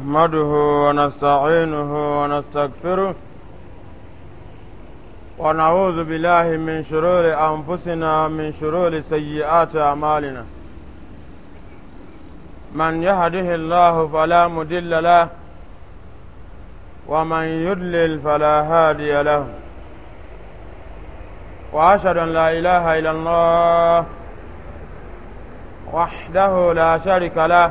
نحمده ونستعينه ونستغفره ونعوذ بالله من شرور أنفسنا من شرور سيئات أعمالنا من يهده الله فلا مدل له ومن يدلل فلا هادي له وأشهد أن لا إله إلا الله وحده لا شريك له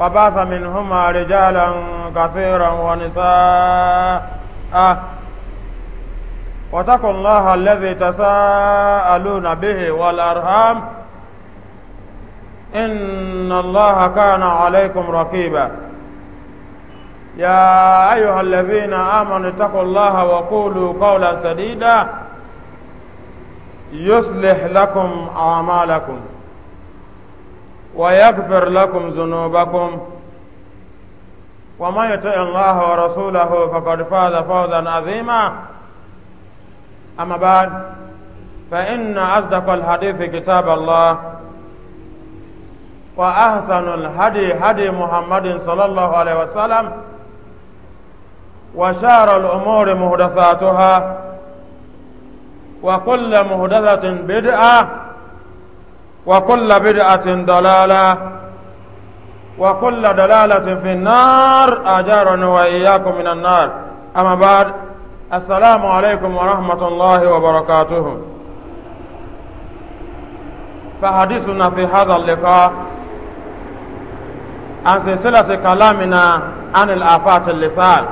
وبعث منهما رجالا كثيرا ونساء واتقوا الله الذي تساءلون به والأرهام إن الله كان عليكم رقيبا يا أيها الذين آمنوا اتقوا الله وقولوا قولا سديدا يصلح لكم أعمالكم ويغفر لكم ذنوبكم ومن يطع الله ورسوله فقد فاز فوزا عظيما أما بعد فإن أصدق الحديث كتاب الله وأحسن الهدي هدي محمد صلى الله عليه وسلم وشار الأمور مهدثاتها وكل مهدثة بدعة وكل بدعة ضلالة وكل دلالة في النار أجارنا وإياكم من النار أما بعد السلام عليكم ورحمة الله وبركاته فحديثنا في هذا اللقاء عن سلسلة كلامنا عن الآفات اللسان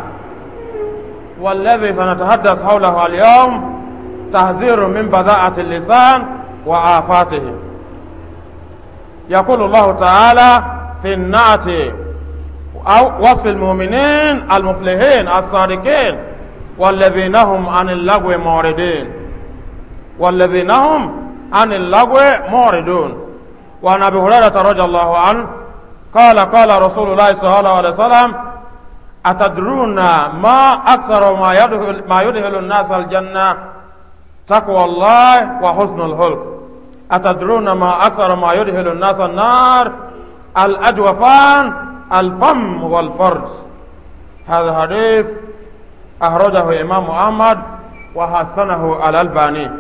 والذي سنتحدث حوله اليوم تحذير من بذاءة اللسان وآفاتهم يقول الله تعالى في النعت أو وصف المؤمنين المفلحين الصادقين والذين هم عن اللغو معرضين والذين هم عن اللغو معرضون وعن ابي هريره رضي الله عنه قال قال رسول الله صلى الله عليه وسلم أتدرون ما أكثر ما يدخل, ما يدخل الناس الجنة تقوى الله وحسن الخلق أتدرون ما أكثر ما يدهل الناس النار الأجوفان الفم والفرج هذا حديث أخرجه إمام أحمد وحسنه الألباني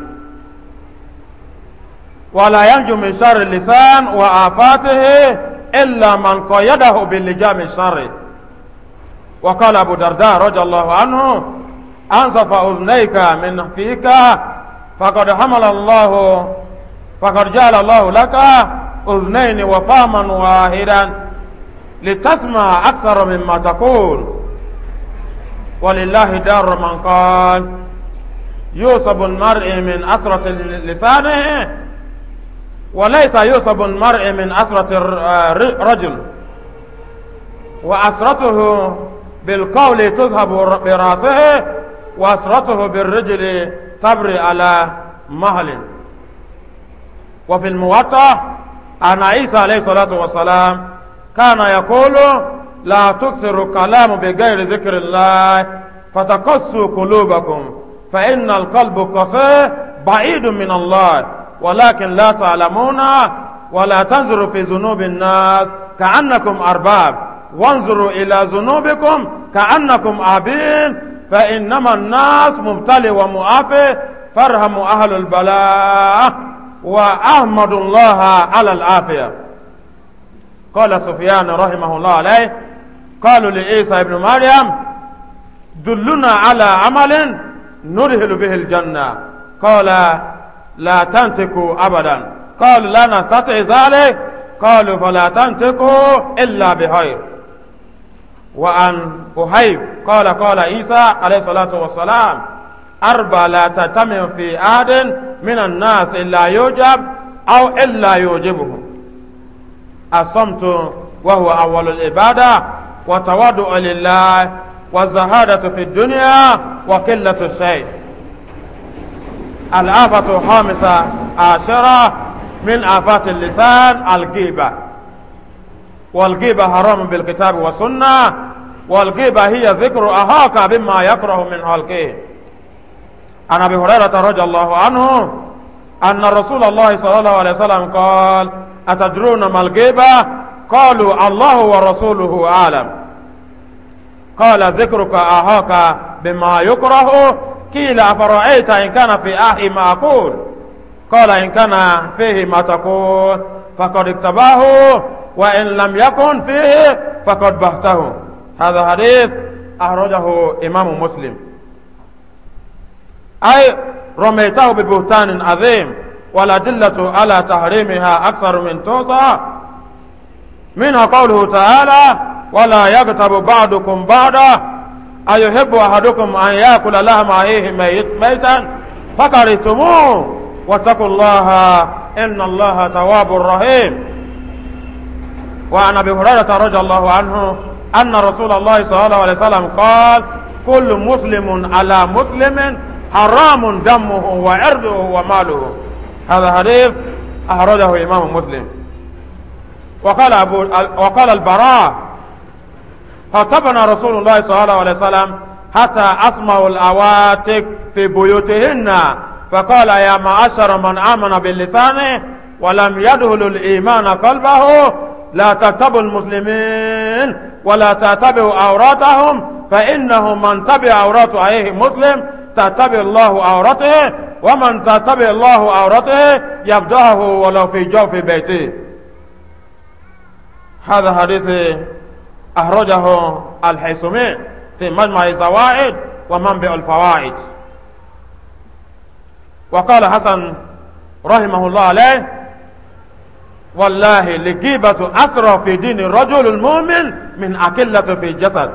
ولا ينجو من شر اللسان وآفاته إلا من قيده باللجام الشر وقال أبو درداء رضي الله عنه أنصف أذنيك من فيك فقد حمل الله فقد جعل الله لك أذنين وفاما واحدا لتسمع أكثر مما تقول ولله دار من قال يوصب المرء من أسرة لسانه وليس يوصب المرء من أسرة الرجل وأسرته بالقول تذهب براسه وأسرته بالرجل تبري على مهل وفي الموطأ أن عيسى عليه الصلاة والسلام كان يقول لا تكثروا الكلام بغير ذكر الله فتقسوا قلوبكم فإن القلب قصير بعيد من الله ولكن لا تعلمون ولا تنظروا في ذنوب الناس كأنكم أرباب وانظروا إلى ذنوبكم كأنكم عبيد فإنما الناس مبتلي ومعافي فارهموا أهل البلاء وأحمد الله على العافية قال سفيان رحمه الله عليه قالوا لعيسى ابن مريم دلنا على عمل نرهل به الجنة قال لا تنتكوا أبدا قالوا لا نستطيع ذلك قالوا فلا تنتكوا إلا بخير وأن أهيب قال قال عيسى عليه الصلاة والسلام أربع لا تتمم في أحد من الناس إلا يوجب أو إلا يوجبه الصمت وهو أول العبادة وتواضع لله والزهادة في الدنيا وقلة الشيء الآفة الخامسة عشرة من آفات اللسان الغيبة والغيبة حرام بالكتاب والسنة والغيبة هي ذكر أهاك بما يكره من خلقه عن أبي هريرة رضي الله عنه أن رسول الله صلى الله عليه وسلم قال أتدرون ما الغيبة قالوا الله ورسوله أعلم قال ذكرك أهاك بما يكره قيل أفرأيت إن كان في أهي ما أقول قال إن كان فيه ما تقول فقد اكتباه وإن لم يكن فيه فقد بهته هذا حديث أخرجه إمام مسلم أي رميته ببهتان عظيم والأدلة على تحريمها أكثر من توصى منها قوله تعالى ولا يغتب بعضكم بعضا أيحب أحدكم أن يأكل لحم أخيه ميت ميتا فكرهتموه واتقوا الله إن الله تواب رحيم وعن أبي هريرة رضي الله عنه أن رسول الله صلى الله عليه وسلم قال كل مسلم على مسلم حرام دمه وعرضه وماله هذا حديث أهرده إمام مسلم وقال, أبو وقال البراء خطبنا رسول الله صلى الله عليه وسلم حتى أسمعوا الأواتك في بيوتهن فقال يا معشر من آمن باللسان ولم يدهل الإيمان قلبه لا تتبوا المسلمين ولا تتبعوا عوراتهم فإنه من تبع عورات أيه مسلم تتبع الله عورته ومن تتبع الله عورته يبدعه ولو في جوف بيته هذا حديث أخرجه الحيثمي في مجمع الزوائد ومنبع الفوائد وقال حسن رحمه الله عليه والله لقيبة أسرى في دين الرجل المؤمن من أكلة في الجسد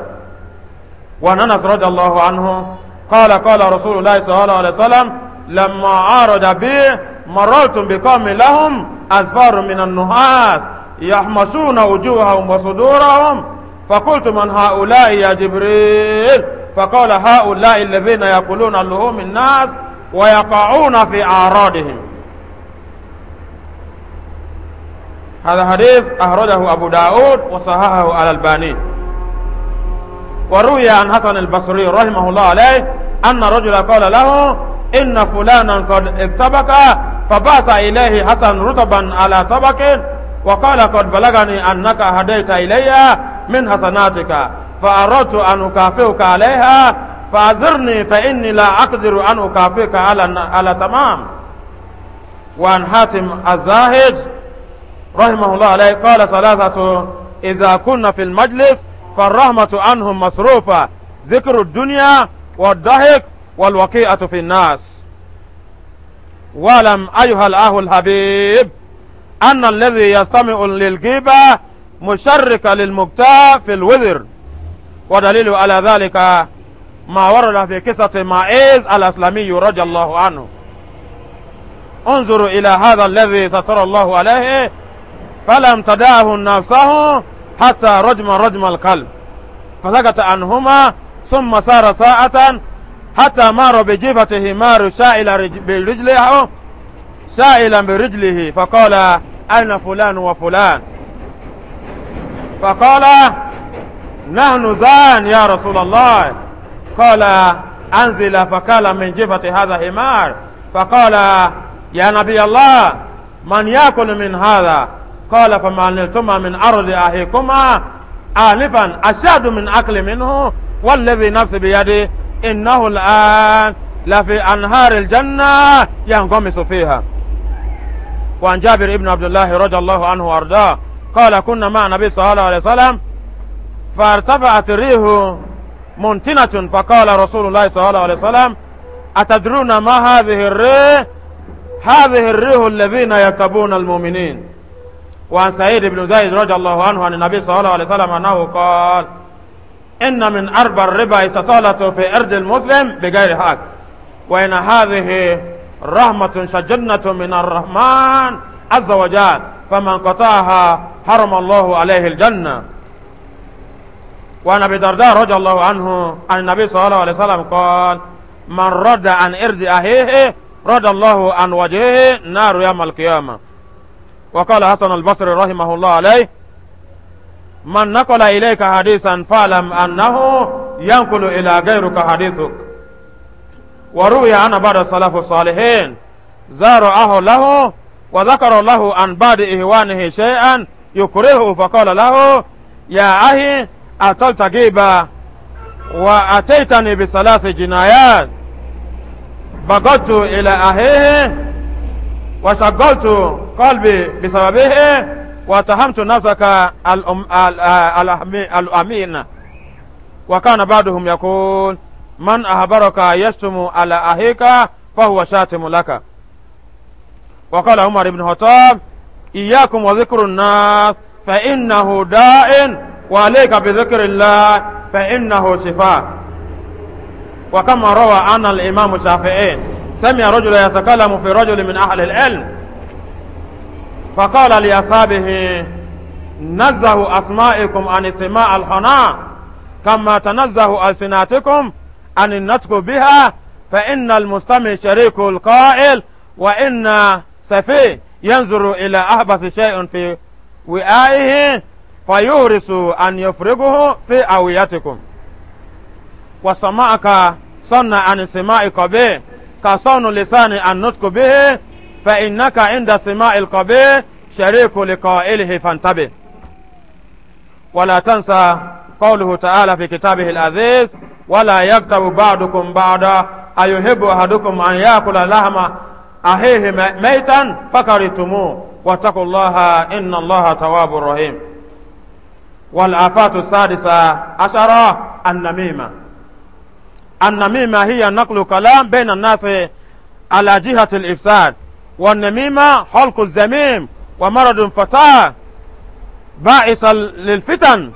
وننس رضي الله عنه قال قال رسول الله صلى الله عليه وسلم لما عارض بي مررت بقوم لهم أذفار من النحاس يحمسون وجوههم وصدورهم فقلت من هؤلاء يا جبريل فقال هؤلاء الذين يقولون اللهم الناس ويقعون في أعراضهم هذا حديث أهرده أبو داود وصححه على الباني وروي عن حسن البصري رحمه الله عليه أن رجلا قال له إن فلانا قد ابتبك فبعث إليه حسن رتبا على طبق وقال قد بلغني أنك هديت إلي من حسناتك فأردت أن أكافئك عليها فأذرني فإني لا أقدر أن أكافئك على على تمام وأن حاتم الزاهد رحمه الله عليه قال ثلاثة إذا كنا في المجلس فالرحمة عنهم مصروفة ذكر الدنيا والضحك والوقيئة في الناس ولم أيها الأه الحبيب أن الذي يستمع للجيبة مشرك للمبتاع في الوزر ودليل على ذلك ما ورد في قصة معيز الأسلمي رضي الله عنه انظروا إلى هذا الذي ستر الله عليه فلم تدعه نفسه حتى رجم رجم القلب فسكت عنهما ثم سار ساعة حتى مر بجبهته مار سائلا برجله سائلا برجله فقال أين فلان وفلان فقال نحن زان يا رسول الله قال أنزل فقال من جبهة هذا حمار فقال يا نبي الله من يأكل من هذا قال فما نلتما من أرض أهيكما آنفا أشد من أكل منه والذي نفس بيده إنه الآن لفي أنهار الجنة ينغمس فيها وعن جابر ابن عبد الله رضي الله عنه وأرضاه قال كنا مع النبي صلى الله عليه وسلم فارتفعت الريح منتنة فقال رسول الله صلى الله عليه وسلم أتدرون ما هذه الريح هذه الريح الذين يركبون المؤمنين وعن سعيد بن زيد رضي الله عنه عن النبي صلى الله عليه وسلم أنه قال إن من أربع الربا استطالة في أرض المسلم بغير حق وإن هذه رحمة شجنة من الرحمن عز وجل فمن قطعها حرم الله عليه الجنة وعن أبي درداء رضي الله عنه عن النبي صلى الله عليه وسلم قال من رد عن إرض أهيه رد الله عن وجهه نار يوم القيامة وقال حسن البصري رحمه الله عليه man nakola ilayka hadisan falam annahu yankulu ila gairuka hadithuk wa ruwiya ana ba'da salafu salihin zara'ahu lahu wa dhakara lahu an ba'di ihwanihi shay'an yukrihu fa qala lahu ya ahi atalta giba wa ataitani bi salasi jinayat bagatu ila ahihi wa shaggaltu qalbi bisababihi واتهمت نفسك آه، الأمين وكان بعضهم يقول من أخبرك يشتم على أهيك فهو شاتم لك وقال عمر بن الخطاب إياكم وذكر الناس فإنه داء وعليك بذكر الله فإنه شفاء وكما روى عن الإمام الشافعي سمع رجل يتكلم في رجل من أهل العلم فقال لأصحابه نزه أسمائكم عن استماع الحناء كما تنزه ألسناتكم عن النطق بها فإن المستمع شريك القائل وإن سفيه ينظر إلى أحبس شيء في وعائه فيورس أن يفرغه في أويتكم وسمعك صنع عن سماع قبيه كصون لسان النطق به فإنك عند سماع القبيل شريك لقائله فانتبه ولا تنسى قوله تعالى في كتابه العزيز ولا يكتب بعضكم بعضا أيحب أحدكم أن يأكل لحم أخيه ميتا فكرهتموه واتقوا الله إن الله تواب رحيم والآفات السادسة عشرة النميمة النميمة هي نقل كلام بين الناس على جهة الإفساد والنميمة حلق الزميم ومرض فتاة بائس للفتن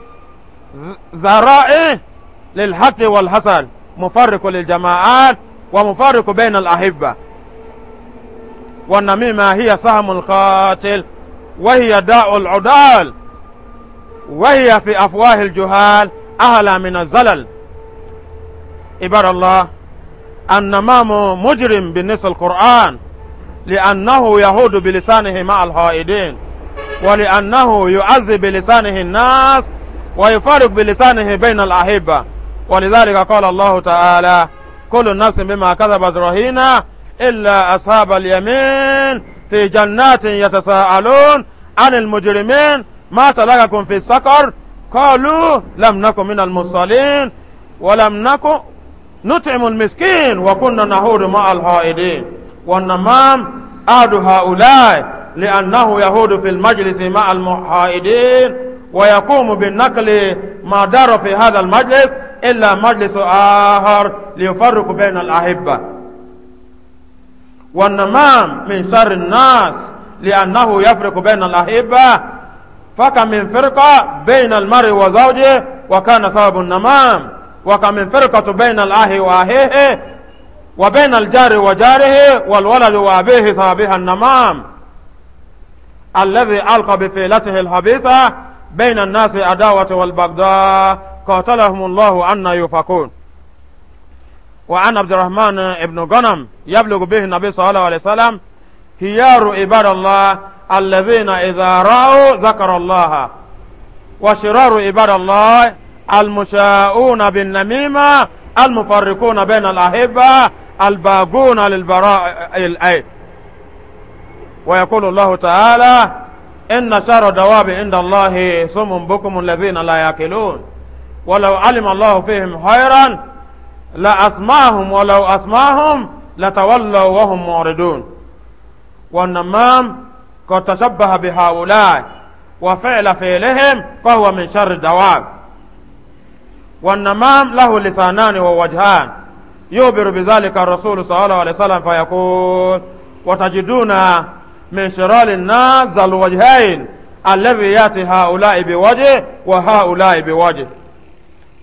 ذرائع للحق والحسن مفرق للجماعات ومفرق بين الأحبة والنميمة هي سهم القاتل وهي داء العدال وهي في أفواه الجهال أهلا من الزلل عباد الله النمام مجرم بالنص القرآن لأنه يهود بلسانه مع الحائدين ولأنه يعزي بلسانه الناس ويفارق بلسانه بين الأحبة ولذلك قال الله تعالى كل الناس بما كذبت رهينة إلا أصحاب اليمين في جنات يتساءلون عن المجرمين ما سلككم في السقر قالوا لم نكن من المصلين ولم نكن نطعم المسكين وكنا نهور مع الحائدين والنمام أحد هؤلاء لأنه يهود في المجلس مع المحايدين ويقوم بالنقل ما دار في هذا المجلس إلا مجلس آخر ليفرق بين الأحبة والنمام من شر الناس لأنه يفرق بين الأحبة فكم من فرقة بين المرء وزوجه وكان سبب النمام وكم من فرقة بين الأهل وأهيه وبين الجار وجاره والولد وأبيه صابها النمام الذي ألقى بفيلته الخبيثة بين الناس عداوة والبغضاء قاتلهم الله أن يفكون وعن عبد الرحمن بن غنم يبلغ به النبي صلى الله عليه وسلم هيار عباد الله الذين إذا رأوا ذكر الله وشرار عباد الله المشاؤون بالنميمة المفرقون بين الأحبة الباغون للبراء الأيد ويقول الله تعالى إن شر دواب عند الله صم بكم الذين لا يأكلون ولو علم الله فيهم خيرا لأسمعهم ولو أسمعهم لتولوا وهم معرضون والنمام قد تشبه بهؤلاء وفعل فعلهم فهو من شر الدواب والنمام له لسانان ووجهان يخبر بذلك الرسول صلى الله عليه وسلم فيقول وتجدون من شرار الناس ذا الوجهين الذي ياتي هؤلاء بوجه وهؤلاء بوجه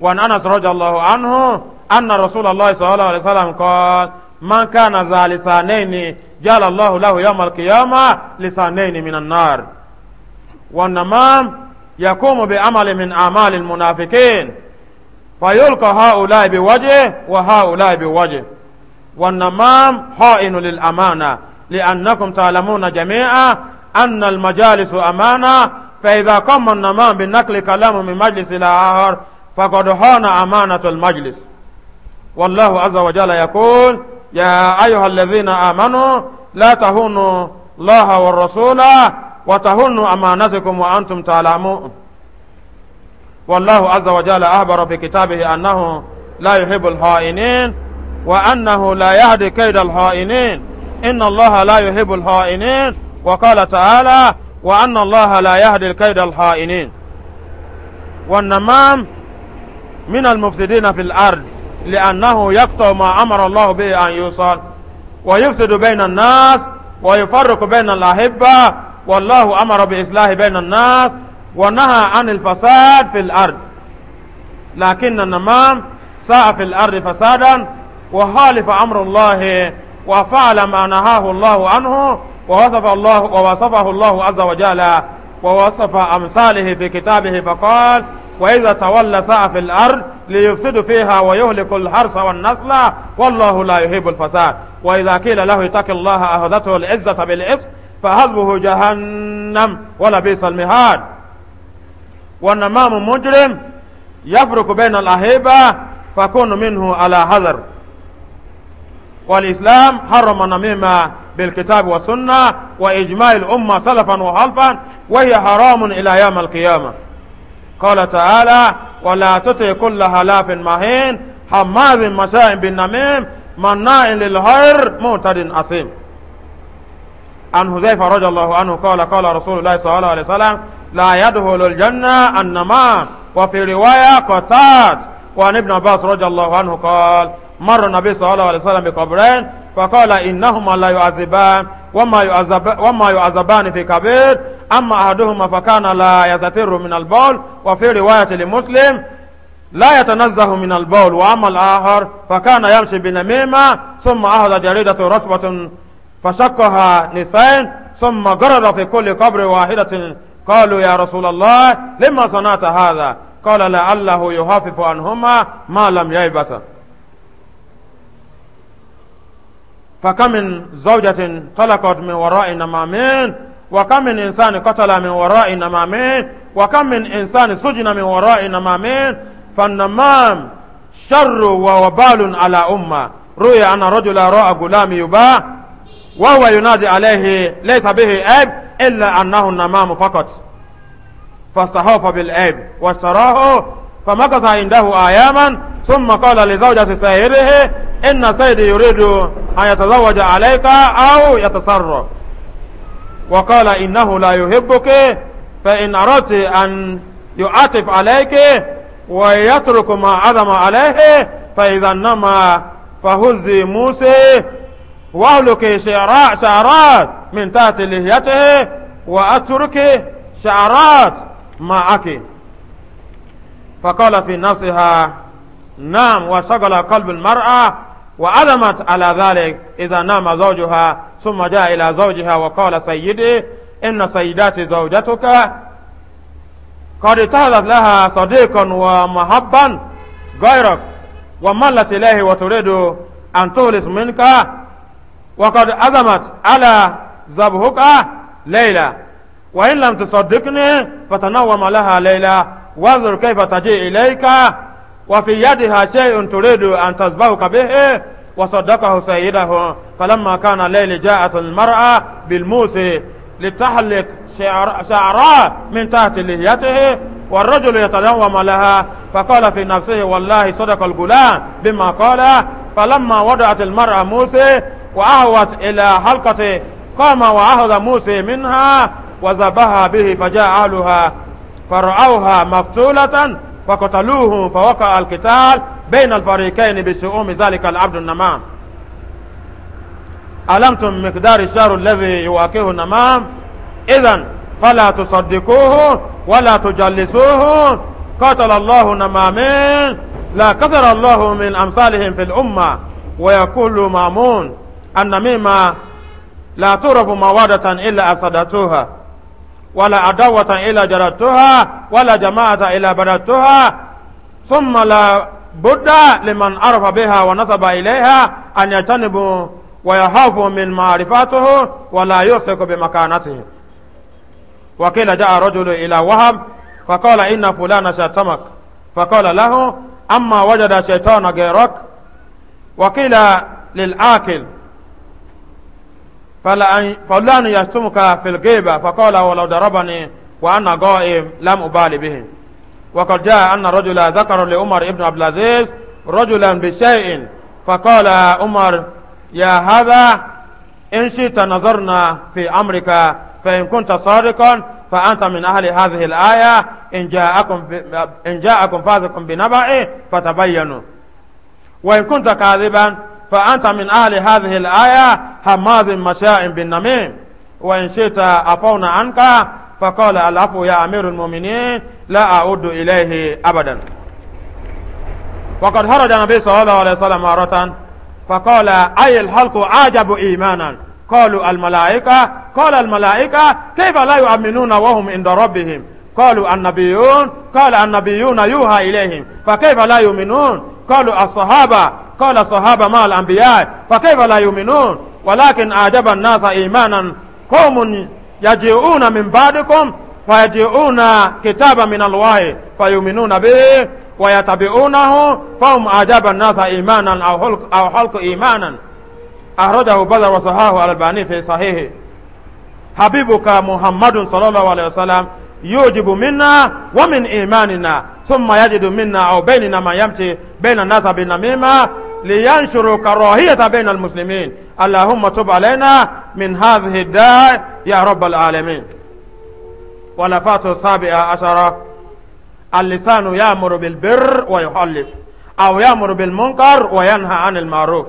وعن انس رضي الله عنه ان رسول الله صلى الله عليه وسلم قال من كان ذا لسانين جعل الله له يوم القيامه لسانين من النار والنمام يقوم بعمل من اعمال المنافقين فيلقى هؤلاء بوجه وهؤلاء بوجه والنمام خائن للأمانة لأنكم تعلمون جميعا أن المجالس أمانة فإذا قام النمام بنقل كلام من مجلس إلى آخر فقد هان أمانة المجلس والله عز وجل يقول يا أيها الذين آمنوا لا تهونوا الله والرسول وتهونوا أمانتكم وأنتم تعلمون والله عز وجل أخبر في كتابه أنه لا يحب الخائنين وأنه لا يهدي كيد الخائنين إن الله لا يحب الخائنين وقال تعالى وأن الله لا يهدي الكيد الخائنين والنمام من المفسدين في الأرض لأنه يقطع ما أمر الله به أن يوصل ويفسد بين الناس ويفرق بين الأحبة والله أمر بإصلاح بين الناس ونهى عن الفساد في الأرض لكن النمام ساء في الأرض فسادا وخالف أمر الله وفعل ما نهاه الله عنه ووصف الله ووصفه الله عز وجل ووصف أمثاله في كتابه فقال وإذا تولى ساء في الأرض ليفسد فيها ويهلك الحرث والنسل والله لا يحب الفساد وإذا قيل له اتق الله أخذته العزة بالإثم فهذبه جهنم ولبئس المهاد والنمام مجرم يفرق بين الأهيبة فكون منه على حذر والإسلام حرم النميمة بالكتاب والسنة وإجماع الأمة سلفا وخلفا وهي حرام إلى يوم القيامة قال تعالى ولا تطع كل هلاف مهين حماذ مشاء بالنميم مناء للخير معتد أصيم عن حذيفة رضي الله عنه قال قال رسول الله صلى الله عليه وسلم لا يدخل الجنة أنما وفي رواية قتاد وعن ابن عباس رضي الله عنه قال مر النبي صلى الله عليه وسلم بقبرين فقال إنهما لا يعذبان وما يعذب وما يعذبان في كبير أما أحدهما فكان لا يستتر من البول وفي رواية لمسلم لا يتنزه من البول وأما الآخر فكان يمشي بنميمة ثم أخذ جريدة رطبة فشقها نصفين ثم قرر في كل قبر واحدة قالوا يا رسول الله لما صنعت هذا قال لعله يخفف عنهما ما لم ييبس فكم من زوجة طلقت من وراء نمامين وكم من إنسان قتل من وراء نمامين وكم من إنسان سجن من وراء نمامين فالنمام شر ووبال على أمة روي أن رجل رأى غلام يباع وهو ينادي عليه ليس به عيب إلا أنه النمام فقط فاستخاف بالعيب واشتراه فمكث عنده أياما ثم قال لزوجة سيده إن سيدي يريد أن يتزوج عليك أو يتصرف وقال إنه لا يحبك فإن أردت أن يعطف عليك ويترك ما عظم عليه فإذا نما فهزي موسى واهلك شعرات شعرات من تحت لحيته واترك شعرات معك فقال في نفسها نعم وشغل قلب المرأة وعلمت على ذلك إذا نام زوجها ثم جاء إلى زوجها وقال سيدي إن سيدات زوجتك قد اتخذت لها صديقا ومحبا غيرك وملت إليه وتريد أن تولس منك وقد عزمت على زبهك ليلى وإن لم تصدقني فتنوم لها ليلى وانظر كيف تجيء إليك وفي يدها شيء تريد أن تذبحك به وصدقه سيده فلما كان الليل جاءت المرأة بالموسى لتحلق شعراء من تحت لهيته والرجل يتنوم لها فقال في نفسه والله صدق الغلام بما قال فلما وضعت المرأة موسى وأهوت إلى حلقة قام وأخذ موسى منها وذبها به فجاء أهلها فرأوها مقتولة فقتلوه فوقع القتال بين الفريقين بسؤوم ذلك العبد النمام ألمتم مقدار الشهر الذي يواكه النمام إذا فلا تصدقوه ولا تجلسوه قتل الله نمامين لا كثر الله من أمثالهم في الأمة ويقول مامون أن مما لا ترف موادة إلا أصدتها ولا أدوة إلا جرتها ولا جماعة إلا بدتها ثم لا بد لمن عرف بها ونصب إليها أن يتنب ويخاف من معرفته ولا يثق بمكانته وقيل جاء رجل إلى وهب فقال إن فلان شتمك فقال له أما وجد شيطان غيرك وقيل للآكل فلان يشتمك في الغيبة فقال ولو ضربني وأنا قائم لم أبالي به وقد جاء أن رجلا ذكر لعمر ابن عبد العزيز رجلا بشيء فقال عمر يا هذا إن شئت نظرنا في أمرك فإن كنت صادقا فأنت من أهل هذه الآية إن جاءكم إن جاءكم فاذق بنبأ فتبينوا وإن كنت كاذبا فأنت من أهل هذه الآية هماز مشاء بالنميم وإن شئت أفونا عنك فقال العفو يا أمير المؤمنين لا أعود إليه أبدا وقد هرج النبي صلى الله عليه وسلم مرة فقال أي الخلق أعجب إيمانا قالوا الملائكة قال الملائكة كيف لا يؤمنون وهم عند ربهم قالوا النبيون قال النبيون يوحى إليهم فكيف لا يؤمنون قالوا الصحابة قال الصحابة مع الأنبياء فكيف لا يؤمنون ولكن أعجب الناس إيمانا قوم يجيئون من بعدكم فيجيئون كتابا من الله فيؤمنون به ويتبعونه فهم أعجب الناس إيمانا أو حلق, أو خلق إيمانا أخرجه بدر وصحاه الألباني في صحيحه حبيبك محمد صلى الله عليه وسلم يوجب منا ومن إيماننا ثم يجد منا أو بيننا ما يمشي بين الناس بالنميمة لينشروا كراهية بين المسلمين اللهم تب علينا من هذه الداء يا رب العالمين ولفات السابعة عشرة اللسان يأمر بالبر ويخلف أو يأمر بالمنكر وينهى عن المعروف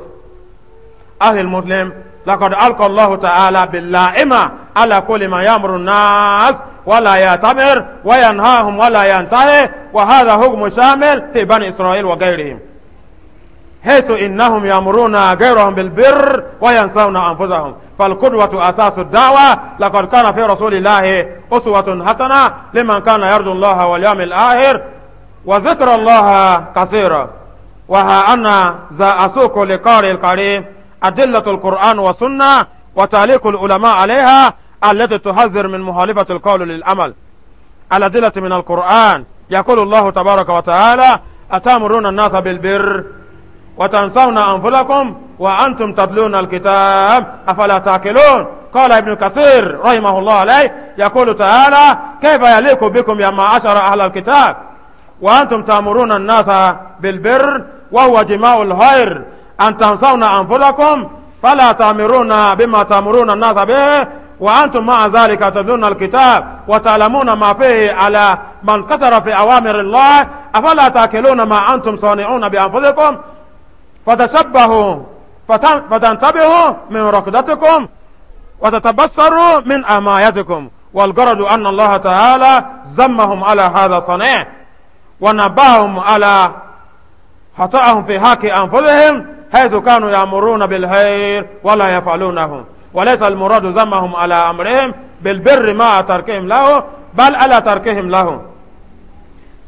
أهل المسلم لقد ألقى الله تعالى باللائمة على كل ما يأمر الناس ولا يأتمر وينهاهم ولا ينتهي وهذا حكم شامل في بني إسرائيل وغيرهم حيث إنهم يأمرون غيرهم بالبر وينسون أنفسهم فالقدوة أساس الدعوة لقد كان في رسول الله أسوة حسنة لمن كان يرجو الله واليوم الآخر وذكر الله كثيرا وها أنا ذا أسوق لقارئ الكريم أدلة القرآن والسنة وتعليق العلماء عليها التي تحذر من مخالفة القول للأمل الأدلة من القرآن يقول الله تبارك وتعالى أتامرون الناس بالبر وتنسون أنفلكم وأنتم تتلون الكتاب أفلا تاكلون قال ابن كثير رحمه الله عليه يقول تعالى كيف يليق بكم يا معاشر أهل الكتاب وأنتم تأمرون الناس بالبر وهو جماع الخير أن تنسون أنفسكم فلا تأمرون بما تأمرون الناس به وأنتم مع ذلك تدون الكتاب وتعلمون ما فيه على من كسر في أوامر الله أفلا تأكلون ما أنتم صانعون بأنفسكم فتشبهوا فتنتبهوا من ركضتكم وتتبصروا من أمايتكم والغرض أن الله تعالى زمهم على هذا الصنيع ونبههم على خطأهم في حق أنفسهم حيث كانوا يأمرون بالخير ولا يفعلونه وليس المراد ذمهم على أمرهم بالبر مع تركهم له بل على تركهم له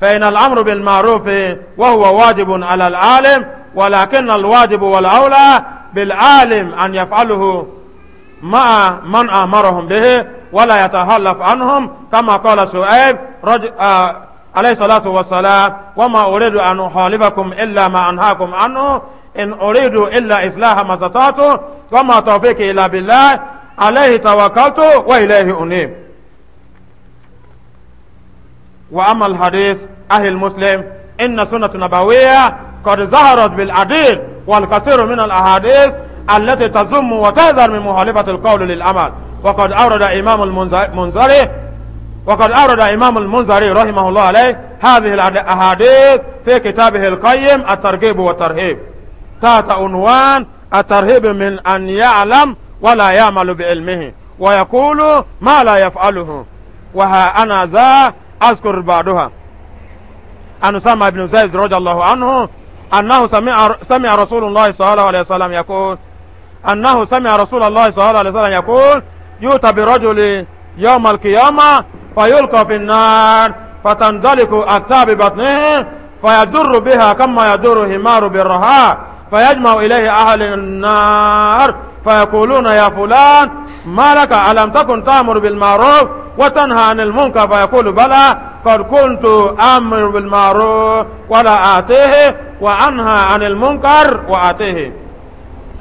فإن الأمر بالمعروف وهو واجب على العالم ولكن الواجب والأولى بالعالم أن يفعله مع من أمرهم به ولا يتخلف عنهم كما قال سعيد آه عليه الصلاة والسلام وما أريد أن أخالفكم إلا ما أنهاكم عنه إن أريد إلا إصلاح ما استطعت وما توفيقي إلا بالله عليه توكلت وإليه أنيب وأما الحديث أهل مسلم إن سنة نبوية قد ظهرت بالعديد والكثير من الأحاديث التي تزم وتهذر من مخالفة القول للعمل وقد أورد إمام المنذري وقد أورد إمام المنذري رحمه الله عليه هذه الأحاديث في كتابه القيم الترغيب والترهيب تحت عنوان الترهيب من أن يعلم ولا يعمل بعلمه ويقول ما لا يفعله وها أنا ذا أذكر بعضها أن سمع بن زيد رضي الله عنه أنه سمع, سمع رسول الله صلى الله عليه وسلم يقول أنه سمع رسول الله صلى الله عليه وسلم يقول يؤتى برجل يوم القيامة فيلقى في النار فتندلك أكتاب بطنه فيدر بها كما يدر همار بالرهاء فيجمع إليه أهل النار فيقولون يا فلان ما لك ألم تكن تأمر بالمعروف وتنهى عن المنكر فيقول بلى قد كنت أمر بالمعروف ولا آتيه وأنهى عن المنكر وآتيه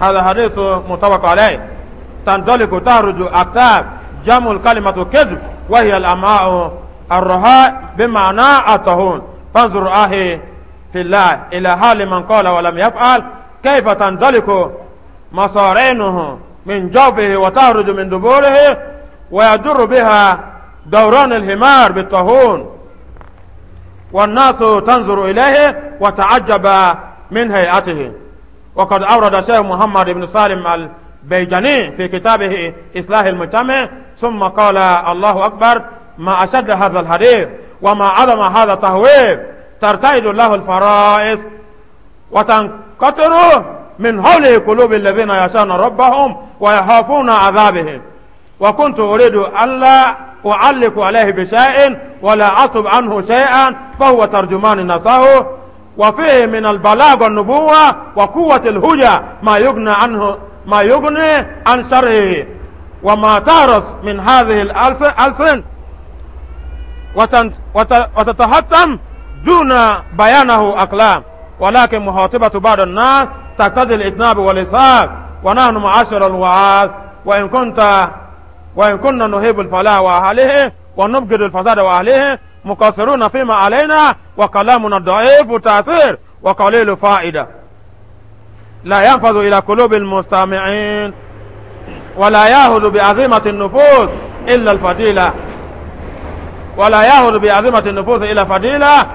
هذا حديث متفق عليه تندلق تهرج أكتاب جمع الكلمة كذب وهي الأماء الرهاء بمعنى التهون فانظر أهي في الله إلى حال من قال ولم يفعل كيف تندلق مصارينه من جوفه وتخرج من دبوره ويدر بها دوران الهمار بالطهون والناس تنظر إليه وتعجب من هيئته وقد أورد شيخ محمد بن سالم البيجاني في كتابه إصلاح المجتمع ثم قال الله أكبر ما أشد هذا الحديث وما عظم هذا التهويب ترتعد له الفرائس وتنقطر من حول قلوب الذين يخشون ربهم ويخافون عذابهم وكنت أريد ألا أعلق عليه بشيء ولا اطب عنه شيئا فهو ترجمان نصاه وفيه من البلاغ والنبوة وقوة الهجة ما يغنى عنه ما يغني عن شره وما تعرف من هذه الألسن وتتهتم دون بيانه أقلام ولكن مخاطبة بعض الناس تقتضي الإتناب والإصاب ونحن معاشر الوعاظ وإن كنت وإن كنا نهيب الفلاح وأهله ونبجد الفساد وأهله مقصرون فيما علينا وكلامنا ضعيف تأثير وقليل فائدة لا ينفذ إلى قلوب المستمعين ولا يهد بعظيمة النفوس إلا الفضيلة ولا يهد بعظيمة النفوس إلا فضيلة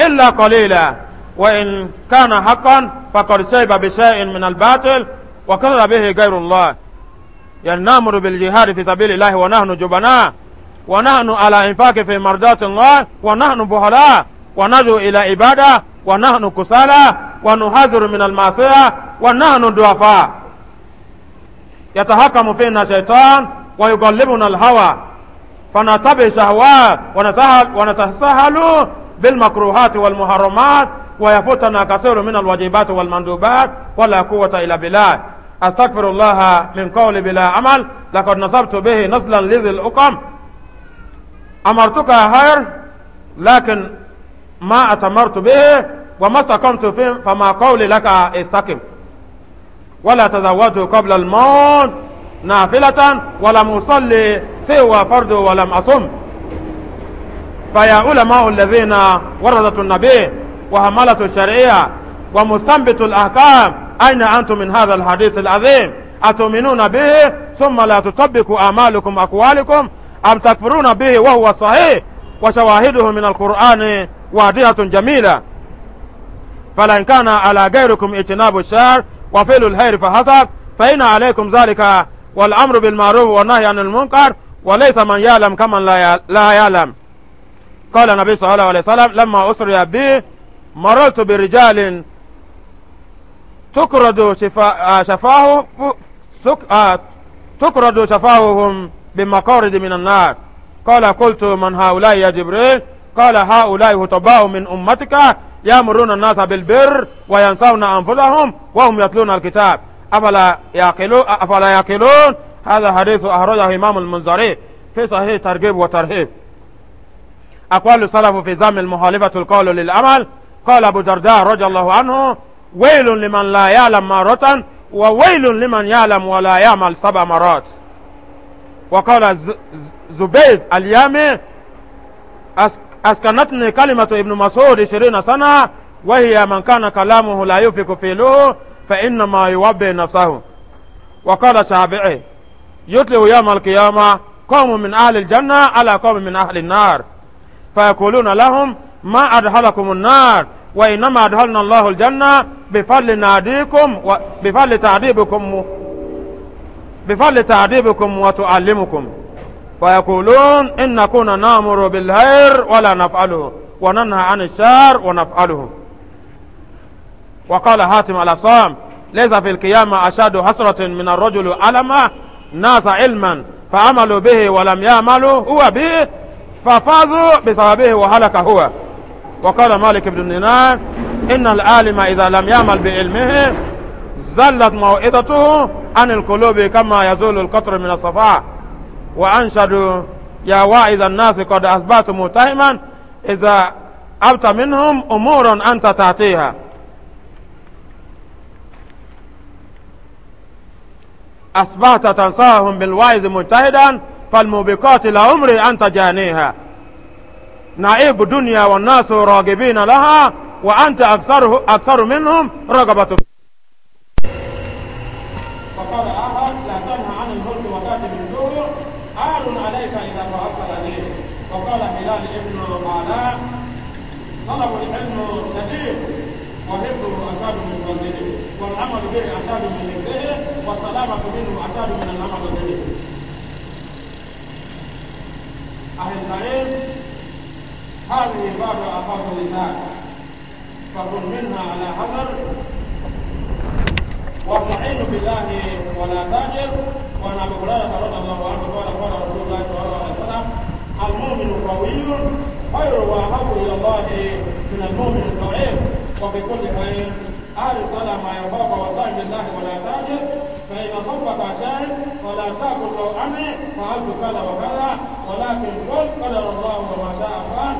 إلا قليلا وإن كان حقا فقد سيب بشيء من الباطل وكذب به غير الله يعني نأمر بالجهاد في سبيل الله ونحن جبناء ونحن على إنفاق في مرضات الله ونحن بهلاء وندعو إلى عبادة ونحن كسالى ونحذر من المعصية ونحن ضعفاء يتحكم فينا شيطان ويقلبنا الهوى فنتبع شهوات ونتسهل بالمكروهات والمحرمات ويفوتنا كثير من الواجبات والمندوبات ولا قوة إلا بالله أستغفر الله من قول بلا عمل لقد نصبت به نصلا لذي الأقم أمرتك خير لكن ما أتمرت به وما استقمت فيه فما قولي لك استقم ولا تزوجت قبل الموت نافلة ولم أصلي سوى فرد ولم أصم فيا علماء الذين وردت النبي وحملة الشريعة ومستنبت الأحكام أين أنتم من هذا الحديث العظيم أتؤمنون به ثم لا تطبقوا أعمالكم أقوالكم أم تكفرون به وهو صحيح وشواهده من القرآن وادية جميلة فلإن كان على غيركم اجتناب الشر وفعل الخير فحسب فإن عليكم ذلك والأمر بالمعروف والنهي عن المنكر وليس من يعلم كمن لا يعلم قال النبي صلى الله عليه وسلم لما أسري به مررت برجال تكرد شفا... آه، شفاهم سك... آه، تكرد شفاههم بمقارد من النار قال قلت من هؤلاء يا جبريل قال هؤلاء هتباء من أمتك يأمرون الناس بالبر وينسون أنفسهم وهم يتلون الكتاب أفلا يعقلون أفلا يعقلون هذا حديث أخرجه إمام المنذري في صحيح ترغيب وترهيب أقوال السلف في زم المخالفة القول للعمل قال أبو درداء رضي الله عنه ويل لمن لا يعلم مرة وويل لمن يعلم ولا يعمل سبع مرات وقال زبيد اليامي أسكنتني كلمة ابن مسعود عشرين سنة وهي من كان كلامه لا يفك في له فإنما يوبي نفسه وقال شافعي يتلو يوم القيامة قوم من أهل الجنة على قوم من أهل النار فيقولون لهم ما أدخلكم النار وإنما أدخلنا الله الجنة بفضل ناديكم بفضل تعذيبكم بفضل تعذيبكم وتعلمكم فيقولون إن كنا نأمر بالخير ولا نفعله وننهى عن الشر ونفعله وقال حاتم على صام ليس في القيامة أشد حسرة من الرجل علما ناس علما فعملوا به ولم يعملوا هو به ففازوا بسببه وهلك هو وقال مالك بن دينار إن العالم إذا لم يعمل بعلمه زلت موعظته عن القلوب كما يزول القطر من الصفاء وأنشدوا يا واعظ الناس قد أثبت متهما إذا أبت منهم أمور أنت تأتيها أثبت تنساهم بالوعظ مجتهدا فالموبقات لعمري أنت جانيها نائب الدنيا والناس راغبين لها وأنت أكثر, أكثر منهم رغبة وقال آخر لا تنهى عن الملك وكاتب الزور آل عليك إذا فعلت عليه وقال هلال ابن علاء طلب العلم سبيل وحفظه أشد من منزله والعمل به أشد من نفسه والسلامة منه أشد من العمل به أهل العلم هذه بعض أفاضل الناس فكن منها على حذر واستعينوا بالله ولا تعجز وعن ابي هريره رضي الله عنه قال قال رسول الله صلى الله عليه وسلم المؤمن قوي خير واحب الى الله من المؤمن الضعيف وفي كل خير حارس على ما ينفعك وصاحب الله ولا تاجر فإن صبك شيء فلا تأكل لو أمي فعلت كذا وكذا ولكن قل قدر الله وما شاء فعل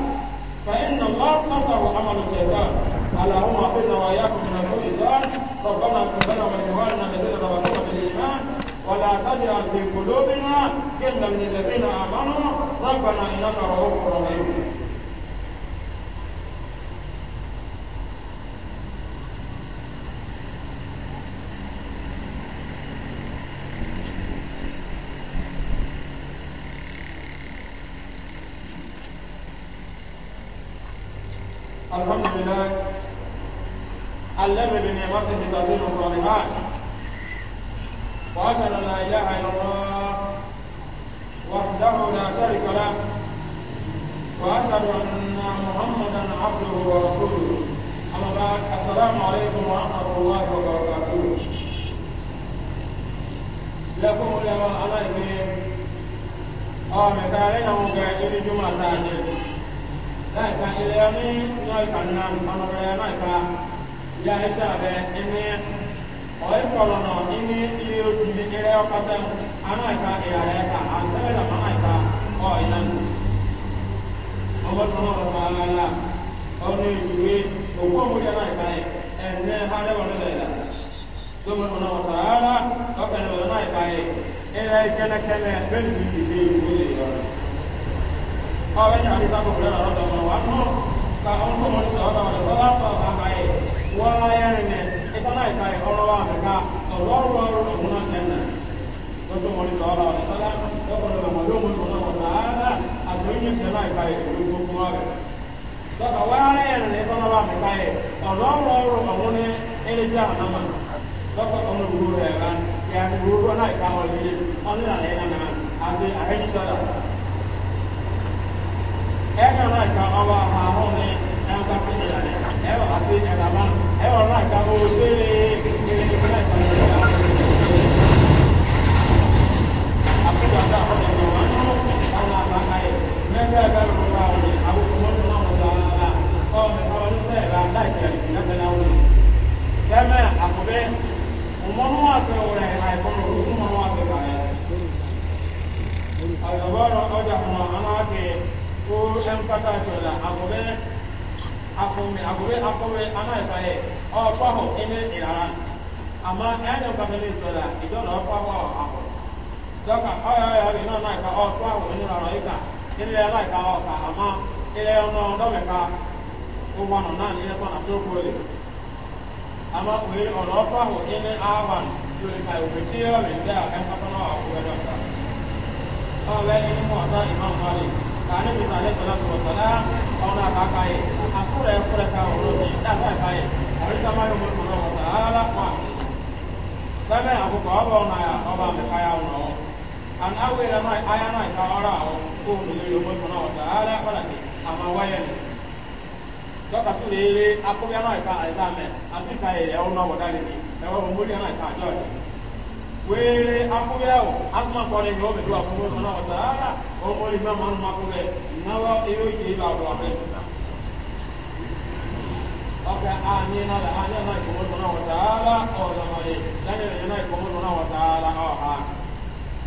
فإن الله قدر عمل الشيطان هم اغفرنا وإياكم من كل شر ربنا اغفر لنا ولإخواننا الذين سبقونا بالإيمان ولا تجعل في قلوبنا من الذين آمنوا ربنا إنك رؤوف رحيم الرحمن علم بنعمته تقيم الصالحات وأشهد أن لا إله إلا الله وحده لا شريك له وأشهد أن محمدا عبده ورسوله أما بعد السلام عليكم ورحمة الله وبركاته لكم اليوم عليكم أو مثالنا مقاعدين جمعة ثانية laika ilẹyọni nyọika nna ọnọdọyọnọika ya ẹsẹ abẹ ẹni ọyikọlọ nọ ẹni iye ojubi ilẹyọkọtẹm anọika ìyàrẹka àtẹlẹlẹ anọika ọyinanu ọgbọtọmọ ọgbọtọmọ ọnọ ìdúwé òkú ọmọdé anọika yẹ ẹnẹ adẹwọlẹ lẹla tóbi ọnà ọtara ọkẹlẹ ọnọika yẹ ilẹ kẹlẹkẹlẹ bẹẹ ní ìdílé ìwé yọrọ. قال ان حديث ابو هريره رضي الله عنه كأنتم صلى الله عليه وسلم فقال ويرن إتنا إتاي أروا مكا الله رأوا ربنا لنا كنتم صلى الله عليه وسلم يقول لما يوم سبحانه وتعالى أتوني سنا إتاي يقولكم هذا Sọ́kà wáyé ẹ̀rìn ní sọ́nà bá mi káyé, ọ̀dọ́rùn ọ̀rùn ọ̀hún ní ẹlẹ́jì àhánámà. Sọ́kà ọ̀nà ìwúrò rẹ̀ rán, ìyá ìwúrò náà ìkáwọ̀ lé, ọ̀nà ìlànà ìlànà àti àhẹ́jì sọ́dà ẹ̀ka náà ka ọba àhọ́n ní ẹ̀ka fi ìlànà ẹ̀wọ̀ àti ẹ̀dàbà ẹ̀wọ̀ náà ka owó délé ìdílé ìpínlẹ̀ ìpínlẹ̀ àkójọ àti àkójọ ìgbọ̀n wọn nínú àwọn àbáka yẹ mẹ́tẹ́ ẹ̀ka ló ń bá wọn ní àwọn òṣùwọ̀n náà wọn bá wọn náà kọ́ ọ̀mẹ̀kọ́ ọdún sẹ́yìn bá láìpẹ́ ìdájọ́ náà wọlé sẹ́mẹ̀ àkùbẹ́ ọmọnú wa fẹ́ wọlé àìkọ́nà ọdún mọ́nú wa fẹ́ bàyẹ̀ ọ̀dọ̀bọ̀rọ̀ ọjà fún wa ọmọ wa fẹ́ ko ɛnfata tɔla agɔbɛ akɔmɛ agɔbɛ akɔmɛ ana ɛfa yɛ ɔfɔ ahɔ ɛnɛ ɛlara ama ɛnɛ ɛnfata mi tɔla ìjɔlɔ ɔfɔ ahɔ akɔ dɔka náà náà ka ɔfɔ ahɔ ɛnɛ ɛlara yika ɛnɛ ɛlara yika ɔka ama ɛnɛ ɔnɔ náà ní ɛfɔ náà tó kúrò ama wòye ɔlɔ ɔfɔ ahɔ ɛnɛ k'ale bi k'ale sɔrɔ sɔrɔsɔla aw n'a k'a k'a ye a kura ye kura k'a wolo bi n'a k'a k'a ye a bɛ caman ye mɔri kɔnɔ wa ala kuma sɛbɛn a ko ko aw b'aw na yan aw b'a mɛ k'a y'aw nɔ ani aw ni dɔkita tu de ye a ko yann'a ye k'a ye k'a mɛ a ti k'a ye aw o a wéèrè akúyàwó asúmọ̀kọ́lẹ̀ yóò bẹ̀rù àfúnwó ọ̀nà ọ̀tà ara ọmọ ìgbà máa ń makúrẹ̀ ìnáwó eré ìjì ìlú àwọn abẹ́ ọkà àmì náà àmì náà ìfowó ọ̀nà ọ̀tà ara ọ̀dọ̀mọ̀lẹ̀ lẹ́yìn ìyẹn náà ìfowó ọ̀nà ọ̀tà ara ọ̀hà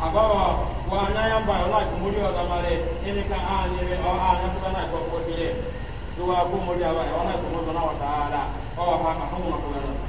àbáwọ̀ wọ anáyà ń báyọ̀ láti múlí ọ̀dọ̀mọ̀lẹ̀ ẹni ká àmì rẹ̀ ọ̀hà anáfíà náà ìfowó ọ̀nà ọ̀tà ara ọ̀hà àfọwọ́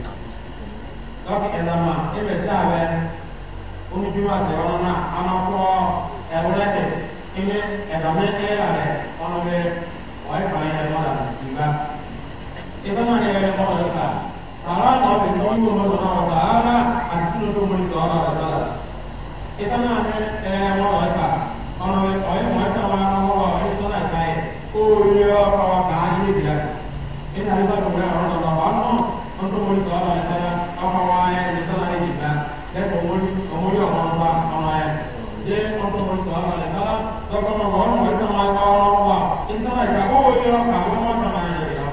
dɔk ɛlɛma ɛbɛ sɛ abɛ oniduma tɛ ɔno na ama kɔ ɛwlɛ tɛ ɛnyɛ ɛdame ɛyɛ abɛ ɔno bɛ ɔyɛ fa yɛ ɛmɔ la nga ɛbɛ ma yɛ ɛmɔ la ta ara na ɔbɛ tɛ ɔyɛ ɔmɔ la ɔta ara ati na ɔtɔ mɔni tɔɔra la ta la ɛbɛ ma yɛ ɛyɛ ɛmɔ la ta ɔno bɛ ɔyɛ mɔ ɛta wa ɔmɔ wa ɔyɛ sɔ na ta yɛ ɔyɛ ɔkɔ ka ayi ọmọ wọn ayẹ ní sọ́nà ayé ìgbà lẹ́kọ̀ọ́ ọmọ orí ọmọ ọba ọmọ ayẹ ṣé wọ́n tó wọ́n sọ ọmọ rẹ̀ sọ́nà tọkọ mọ̀ wọ́n mọ̀ sọ́nà ọmọ ọmọ wa ìsọ́nà ìgbà ó wọ́n yọ ọkà wọ́n mọ̀ sọ́nà ayẹ rẹ̀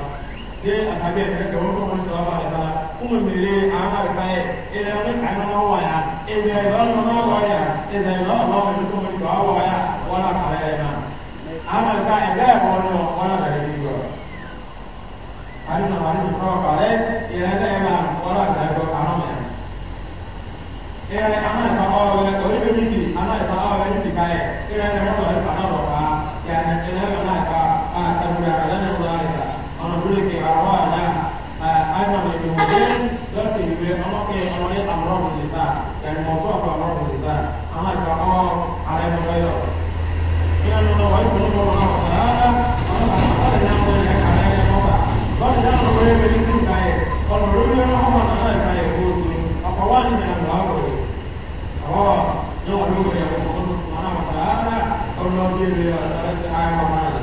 ṣé àtàbí ẹ̀ kẹ́kẹ́ wọ́n tó wọ́n sọ ọmọ rẹ̀ sọ́nà kúmù mèrè àwọn àgbà yẹ ilẹ̀ oníkà ní wọ́n wà yá ilẹ̀ ìlọ́nà náà wọ̀ yá ilẹ̀ ìlọ́nà náà wọ̀ yá kúmù ìgbà wọ̀ yá wọ́n náà kàrẹ́ yẹn náà àwọn àgbà ẹ̀dá ẹ̀kọ́ náà wọ́n náà kàrẹ́ yẹn náà. 还是哪里不好搞嘞？也来这个，我那个。era ana ta awe ori be ni ana ta awe ni ti kae era na ro ri pa na ro ka ya na ela na na ka a ta bu ya la na ro ri ka ona bu ni ke arwa na a ana me ni wo do ti ni be ona ke ona ni ta ro ni ta ya ni mo to ka ro ni ta ana ka o ara mo ga yo ina no wa ni mo na wa ta ona ta na mo ni ka na ya mo ba ba na ro ri be ni ti kae ona ro ni na ho ma na ka ya ko ti apa wa ni na ro Oh, yau duk da yau kuma mana ta'ala Allah ke da ya tsare ayi wa mana.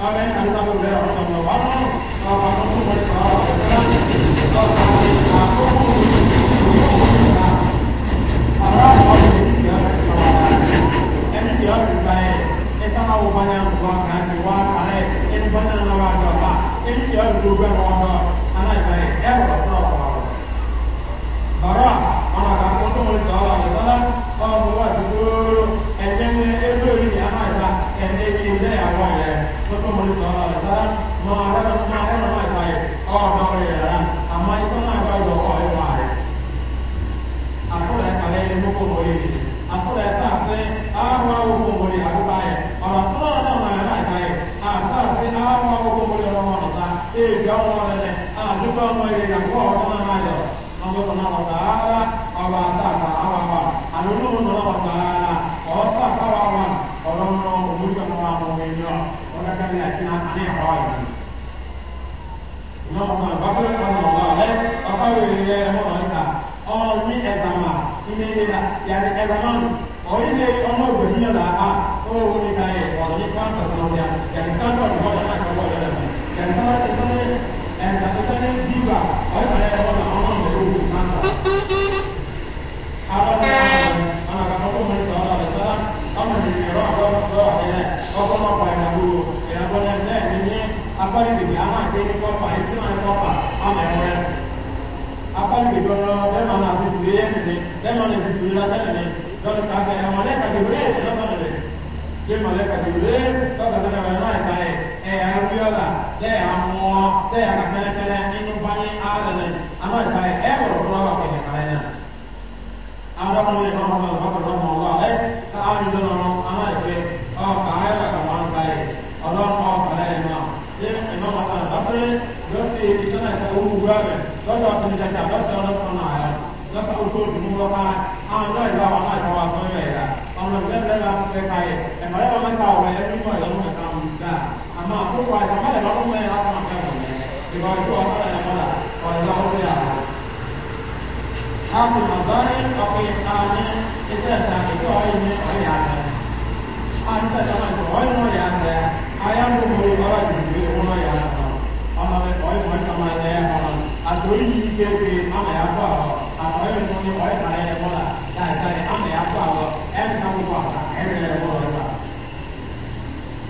Amma in an samu da Allah wannan, ba ba mun ba ta ba ta ba ta ba ta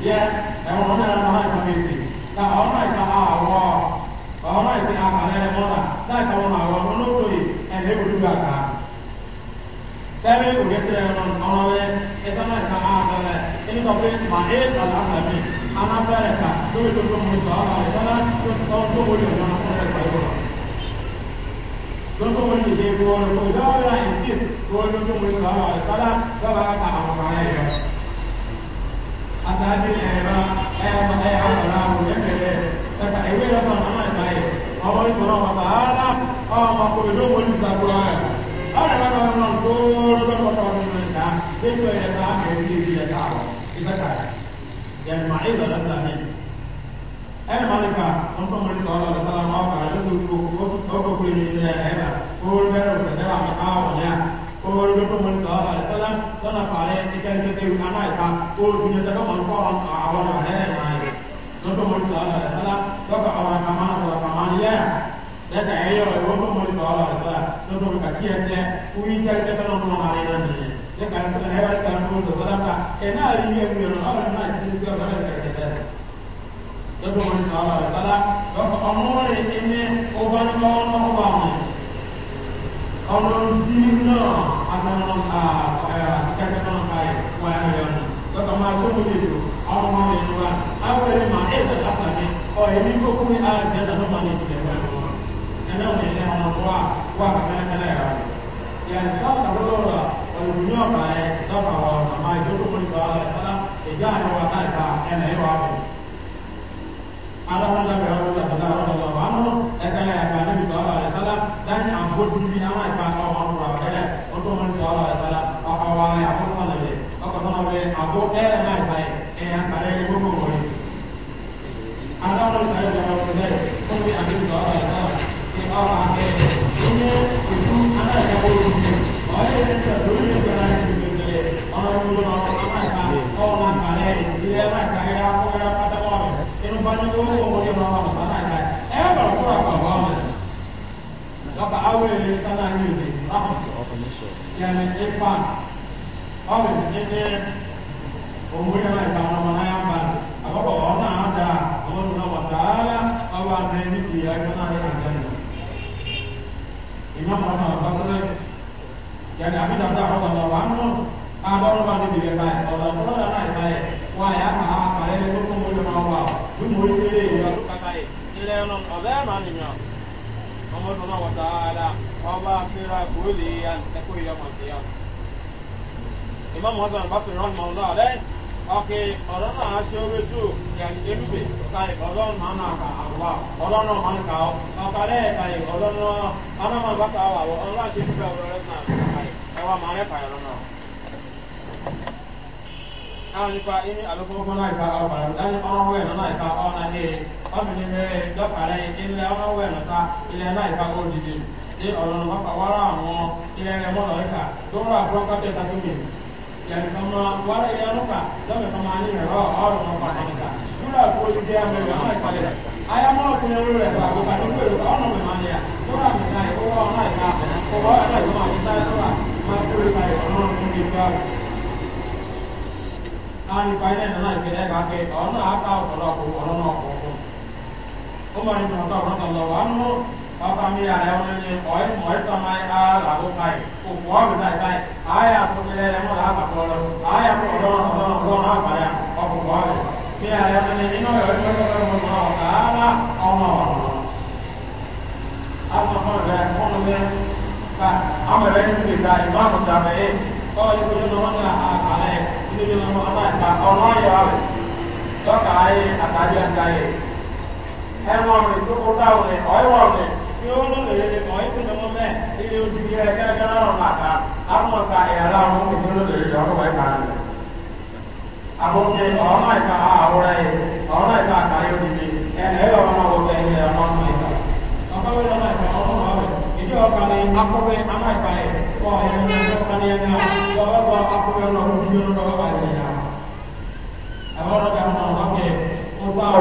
yẹ ẹ̀wọ̀n náà lọ́nà máa kàn méjì na àwọn náà ìta àwọ̀ àwọn náà ìta àkàlẹ̀ ẹ̀ mọ́nà náà ìta wọn àwọ̀ ọ̀nà lórí ẹ̀mí ìwòlú gbà kà. sẹ́mi ògẹ́sẹ̀ ọ̀nà rẹ ẹ̀ta náà ìta àkàlẹ̀ ẹni sọ pé mà é àlà àmì anáfẹ́rẹ̀ kà lórí tó tó mú sọ àwọn ìtọ́lá tó tó tó wọlé ọ̀nà fún asaati ɛɛba ɛɛba ɛɛba ɛɛba ɛɛba ɛɛba ɛwé yɛ fún ɔmá ɛfá yɛ ɔmɔ ìfọwọ́ wọn bá ara ɔmọ kò ló wọlé ìsàkúrọ̀ yɛ ɔlọ́ yɛ bá wọn kóró bá wọn kọ́ ɔmọ ìta ètò yɛ bá ɛwé yɛ ká wọ ìfẹ́ta yɛ mọ̀ ayé lọ́dọ̀ tó lẹ́yìn ɛn malika ntɔn mo nisɔn ɔlɔ lɔsɔlɔ ɔmɔ ɔkara lɔsɔ ɔkọ kuli ni ɛɛba kóró bɛrɛ wò और बेटो मन का हलकला तना पारे निकल के ते उठाना है था और बिना तक मन को हम आवाज है मारे बेटो मन का हलकला तो का आवाज हमारा तो हमारी है देखा है ये बेटो मन का हलकला तो तो का किया है कोई चल के तो हमारे ना नहीं देखा है है वाला काम को तो सलाम का है ना ये ये ना और ना चीज का बड़ा करके है बेटो मन का हलकला तो अमोरे इनमें ओवन का ना होगा ọmọ tí náà àtàwọn akẹ́kẹ́ náà káyẹ̀ wọ́n yára yọ̀ nù lọ́kọ̀ máa tó mú yìí tó ọmọ máa yẹ níwá awẹ́rẹ́ máa ẹ̀ tẹ̀ka pàdé ọ èmi kó kú ní ààrẹ jẹ́ tàbí máa yẹ tilẹ̀ wọ́n yẹn wọ́n ẹ̀nà òní ẹ̀nà ọmọ tó wà wà kàkẹ́ kẹlẹ́ yàrá rẹ̀ yàrá sáwọ́sà lọ́wọ́ olùdíyàn ọ̀gá ẹ̀ lọ́kọ̀ àwọn ọ̀nà ìjókòó ní sọ̀rọ̀ ẹ̀ sọ́lá ìjà àná wà káàkà ẹ̀nà ìwà bù. aláwọn lábẹ̀rẹ̀ ọ̀rọ̀ ìjàpá láwọn ọ̀nà ọ̀nà ẹ̀ka ẹ̀ka níbi sọ̀rọ̀ ẹ̀ sọ́lá láti àgbójú bí era mai mai e appare un rumore allora lo sai da vedere come ha vinto ora e ora anche come tu alla capolina ora è stata due grandi vedere ora non lo mai fa o la pare di era mai era ora fatta ora e non vanno dove voglio non va ma dai e allora ora va va dopo avere stata anche lì ah yani e fa Amen. ake ọ̀rọ̀ náà ṣe orí jù yàrá elúbe káyì ọ̀rọ̀ náà náà kà àwọ̀ ọ̀rọ̀ náà máa ń kà ọ́ kàkàlẹ́ káyì ọ̀rọ̀ náà anamọ̀ bá kà wà wọ̀ ọ̀rọ̀ àṣẹ nígbà ọ̀rọ̀ rẹ̀ náà káyì ẹwà máa rẹ̀ kà ẹ̀rọ náà. àwọn nípa ẹni àlùkòkò náà ìka ọ̀pá ẹni ọ̀nàwẹ̀ náà ìka ọ̀nà ní ọ̀bìnrin rẹ̀ dọ́kàlẹ́ ilẹ̀ ọ̀nàwẹ̀ náà ilẹ̀ náà ìka ó ní ọ̀rọ̀ náà wọ́n wọ́n rà àwọn ilẹ̀ rẹ̀ mọ́ yan kama wala ya nuka don ka kama ni ro oro no pa ni ka mura ko ji ya me ya ma ka le aya ma ko ne ro ya ba ko ka ni ko ro no me ma ni ya to ra mi na ko wa na ka ko wa na ma ni ta to ra ma ko ri ka ro no ni ni ka ani pa ne na na ke da ka ke ona aka ko ro ko ro no ko ko Umar ibn Khattab radhiyallahu anhu ọkàn mi àlẹ́ wọn ni ọ̀ẹ́ mọ̀ẹ́ tọ́mọ á làwọn ka yìí òkú ọ̀rọ̀ náà ká yìí àyà tó ti lẹ́yìn wọn làá bàtọ́ lọ àyà tó ọlọ́run ọlọ́run ọlọ́run àgbàlẹ̀ ọkọ̀ wọ́n rẹ̀ mi àlẹ́ wọn ni inú ọ̀rọ̀ tó lọ́wọ́ lọ́wọ́ mọ́ ọ̀gá ara ọmọ ọ̀rọ̀ asọ̀fọ̀ rẹ̀ fún mi ká àwọn ẹ̀rẹ́ ní ìgbà ìgbà àkùtà rẹ̀ yìí ọ̀ ìgbìyànjú lọ́wọ́ ní àkàlẹ̀ ìgbìyànjú lọ́wọ́ ní àkàlẹ̀ ọ̀rọ̀ ayọ̀ rẹ̀ lọ́kàá yìí àtàjẹ́ ń ta yóò lè lè mọ̀ ẹ́ sínú mọ́ mẹ́ ilé ojú yẹ kẹ́kẹ́ lọ́rùn màkà àwọn ọ̀sà ìyàrá ọ̀hún kò tó lè lè ọ̀rọ̀ wáyé kan rẹ̀. àbòkè ọ̀rọ̀ ìka àwòrán yìí ọ̀rọ̀ ìka àkàrí òdìdí ẹ̀ ẹ̀ lọ́wọ́ máa wọ bẹ́ẹ̀ ilẹ̀ ọmọ ọmọ ìka. ọ̀pẹ́ wọlé ọmọ ìka ọmọ ọmọ rẹ̀ ìdí ọ̀kan ni akọ́wé àmọ́ ìka yẹ kọ́ ẹ̀yẹ́ ọ̀kan ni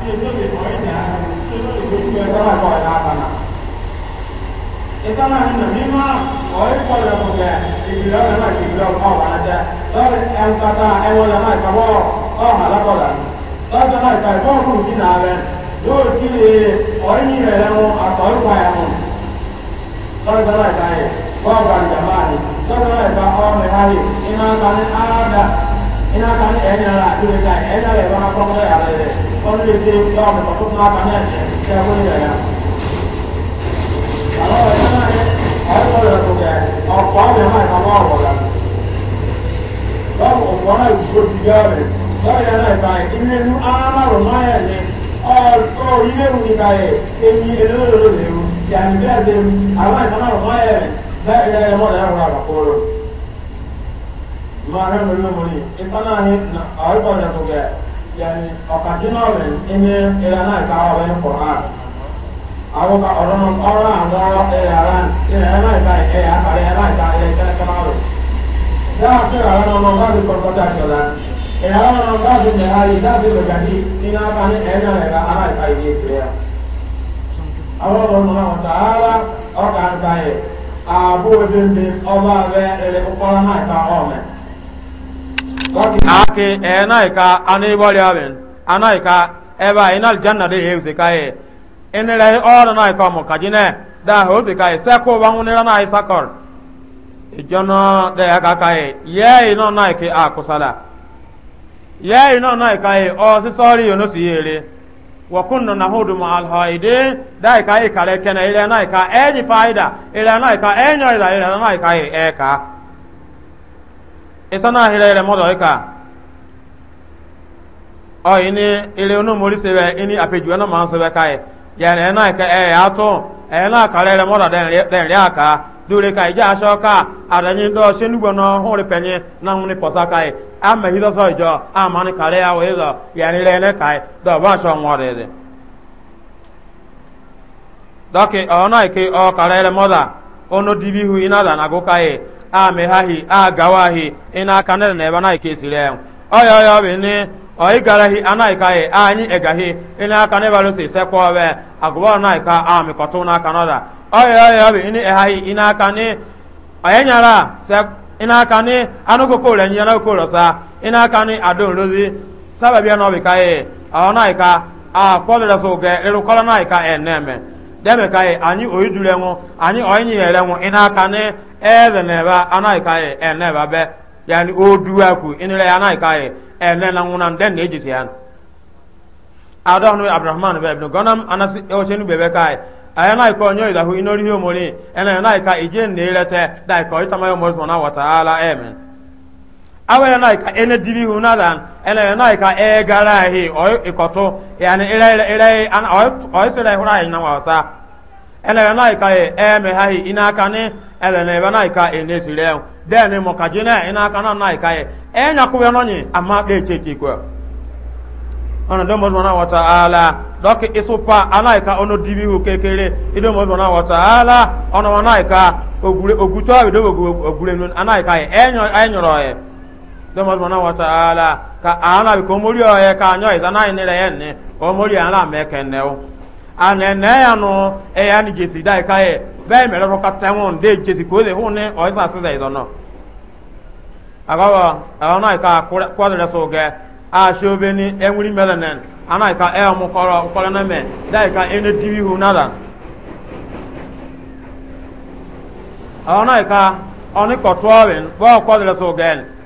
这都得好一点，这都得回去咱俩搞一下吧。这咱俩是农民嘛，我也搞了不给，你不要人来，你不要靠完了的，到俺家家俺我人来搞不，到哪来搞人？到这来搞搞不进来人，如果这里我一人来我啊搞一块呀么？到这来搞，我管人家嘛的，到这来搞我没他的，你那咱的俺的，你那咱的俺家啦，就是讲俺家来把他放在俺来的。kọ́lé ṣe gba ọ̀pọ̀ tó máa kà náà ṣe ẹgbẹ́ ìrẹ̀yà. àwọn ọ̀rẹ́ náà yẹ ọ̀pọ̀ rẹ̀ tó kẹ̀ ọ̀pọ̀ àwọn ọ̀rẹ́ náà wà wọ̀lá. lọ́wọ́ ọ̀pọ̀ náà ìṣòro ti yá rẹ̀ lọ́yẹ̀ náà ìgbà ìdílé inú aláàrọ̀ náà yẹ̀ ní ọ̀ọ́ ilé ìwé nígbà yẹ̀ èmi eléròlò lèrú yàrá ìgbà yani ọ̀kàdínà rẹ̀ ẹni ẹ̀rọ náà ká ọ̀rọ̀ ẹ̀ kọ̀ á àwọn ọ̀rọ̀ ọ̀rọ̀ àwọn ẹ̀yà ara ẹ̀yà náà ká ẹ̀yà àkàrẹ̀ ẹ̀yà náà ká ẹ̀yà ká ẹ̀ká náà rẹ̀ dáa sí ara náà lọ láti kọ̀ọ̀kọ̀ dà ṣọ̀la ẹ̀yà ara náà láti mẹ̀ ayé láti lọ̀gàdì nínú afa ní ẹ̀yà náà ká ara ìka ìdí ìpè ya. àwọn ọ̀rọ̀ náà wọ̀ tààrà ọ̀kà ń ta yẹ ààbò ebèbè ọba abẹ́ ẹ̀rẹ̀ kọ́kọ́rọ́ náà ká ọ̀mẹ́ ake enai eh, ka ani bori aben anai ka eba inal janna de heuze ka e enere na ka mo kajine da nira nai ijono e de ka e ye ino nai ke ye ka o si sori yo no si wa kunna nahudu ma al haide da e kare kene ile nai ka e ji faida ile nai ka e nyoida ile nai e, e ka e isana hirere modo ika ọ ịnị ile onu mori sebe ini apeju eno man sebe ya na ka e ato ya na ka rere modo den den aka dure ka adanyi do nugbo na ọhụrụ penye na hune posa kai ama hido so ịjọ ama ni kare ya we do yana ile ne kai do ba dibi na amehahi agawahi ina kanere na ebe na ike sire oya oya bi ni oyi garahi anaika ye anyi egahi ina kanere balo se se kwa we na kanoda oya oya bi ni ehahi ina kanere ayenyara ụlọ sa na ọbịka ọ a kwodira so ge ị na eme deme ka ye ani oyi dule ŋu ani oyi nyi yɛlɛ ŋu ina ka ne ɛɛdɛ nɛba ana yi ka ye ɛnɛba bɛ yani o duwa ku ana yi ka ye ɛnɛ na ŋu na ne jisi yan adɔn nu abdulrahman bɛ gɔnam bɛ e, bɛ ka e, a aya na ikɔ nyɔ idahu inori hi omori ɛnɛ na yi ka ije ne yɛlɛ tɛ da yɛ wa awere na ka ene dibi hu na dan ene na ka e gara hi o ikoto yani ire ire an o o sele hura ina wata ene na ka e, e ha hi ina ka ka ene den mo ka jina ina ka na ka e, e ku ni ama de ko do mo na wata ala doki isupa anaika ono ala e enyo dɔmɔ sɔmɔ náà wɔtɔ ala ka ala bi ko mori ɔyɛ ka nyɔ izana yi e ni lɛ yɛn ni o mori ala mɛ kɛnɛ o anɛnɛ yan no ɛyɛ ni jesi da yi ka yɛ bɛɛ mɛlɛ dɔ ka tɛŋɔ de jesi ko de hun ni ɔyɛ sa sisan izɔnɔ agawa ɛwɔ náà ka kɔdu lɛ so gɛ a sio bɛ ni ɛŋuri mɛlɛ nɛ ana yi ka ɛyɛ mu kɔrɔ kɔrɔ nɛ mɛ da yi ka ɛne dibi hu nada ɛwɔ náà yi ka ɔni kɔtɔɔ bɛ bɔɔ kɔdu lɛ so gɛ ni.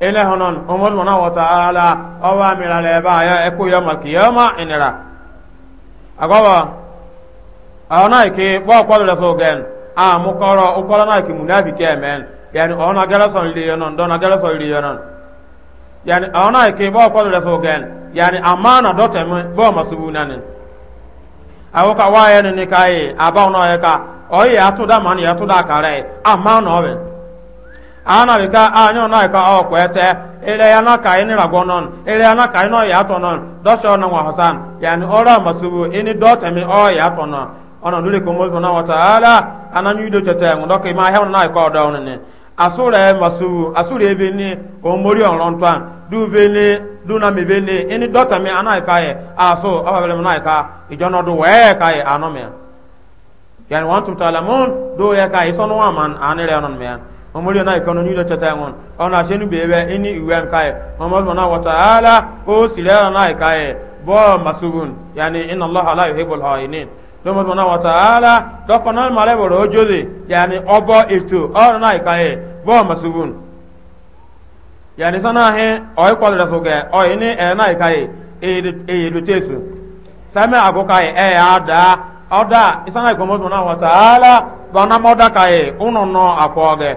ele honon umar mana wata ala awa mira le ba ya eku ya mal kiyama inira agawa ona ke bo ko le so gen a mu koro ukoro na ike munafi ke men yani ona gara so le yonon don gara so le yonon yani ona ke bo ko le so gen yani amana dote mu bo masubu nani wa ya ne kai aba ona ya ka oyi mani kare amana ana bika anyo na ka o kwete ile ya na ka ini ragonon ile ya na ka ino ya tonon dosho na wa hasan yani ora masubu ini dota mi o ya tonon ona dole ko mo na wa taala ananyu do tete ngo ke ma he na e e ka odo ne asura masubu asura ebe ni o mori oron twan du be ni du na mi ni ini dota mi ana ka ye aso ababele na ka ijono do we ka ye anomia yani wantum talamun do ya ka isono wa man anire onon me omori na ikono nyudo chata ngon ona shenu bebe ini iwan kai omori na wa taala o silera na kai bo masubun yani inna Allah la yuhibbul hainin domo na wa taala doko na male boro jode yani obo eto ona na kai bo masubun yani sana he oy kwalra so ge oy ni e na kai e e do tesu sama agokai e ada oda isana ikomo na wa taala bana moda kai unono akoge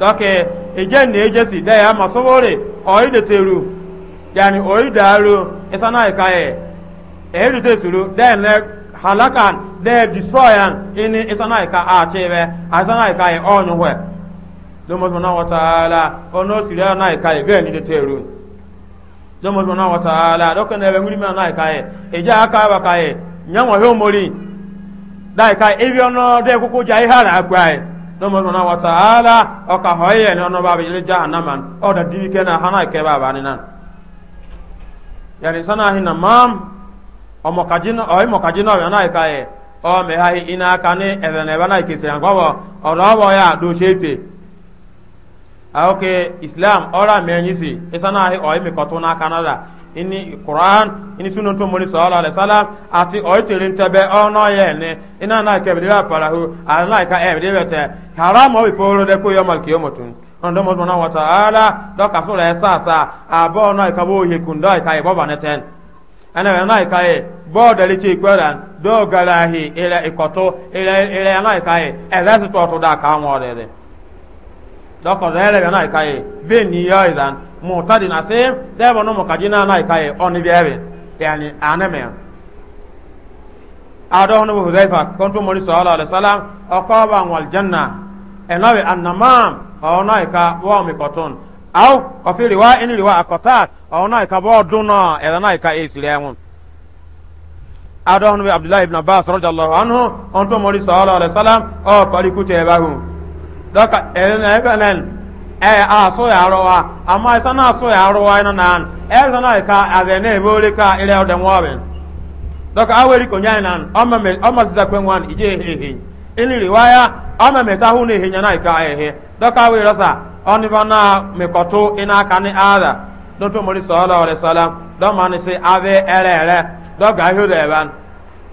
dɔke ejen ne ejesi dɛ ya masowore ɔyi de teru yani ɔyi daaru isana ika yɛ ɛyi de tesuru dɛ lɛ halakan dɛ destroyan ini isana ika a tebɛ isana ika yɛ ɔnyu hɛ domo sɔnna wataala ɔno siri ana ika yɛ bɛɛ ni de teru domo sɔnna wataala dɔke ne bɛ ŋuni mi ana ika yɛ eja aka ba ka omori da ika ebi ɔnɔ dɛ nomo sona wa ala o ka hoye ne ono babe ile jahannaman o da dibi kena hana ke baba ni nan yani sana hina mam o mo kajina o mo kajina o na ka e o me ha ina ka ne na ne na ke se ngwa o ro bo ya do shepe a oke islam ora me nyisi isana hi o mi ko to na kanada ini Quran ini sunan to mori sallallahu alaihi wasallam ati o tirin tebe ono ye ni ina na ke bidira ala ka e bidira te haram o poro de ko yomal ondo mo na wa taala do ka sura esasa abo ono ka bo ye kunda ka e baba neten ana na ka e bo ti do ila ikoto ila ila na ka e e ka mo de de do ko de le na ka mu'tadin ase deba no mukajina na ikaye oni biabe yani aneme ado hono hudaifa kontu mori sallallahu alaihi wasallam aqaba wal janna enawe annamam ona ika wa mi koton aw ofi riwa in riwa akotat ona ika bo duna elana ika islemun no hono abdullah ibn abbas radiyallahu anhu kontu mori sallallahu alaihi wasallam o pari kute bahu doka elana ikanen ee eh, asụ ah, ya arụwa ama ịsa na asụ ya arụwa ịnọ eh, na ịsa na ịka azụ na ebe ori ka ịrị ọdụ nwa ọbịa dọka aweri konye anyị na ọma zịza kwe nwa ije ehe ehe ịnị riwa ya ọma meta hụ na ehe nya na ịka ehe dọka aweri rọsa ọnịba na mekọtụ ịna aka ni ada dọtụ mori sọọla ọrịsọla dọma nị sị abị ere ere dọka ahịa ụdọ ebe ahụ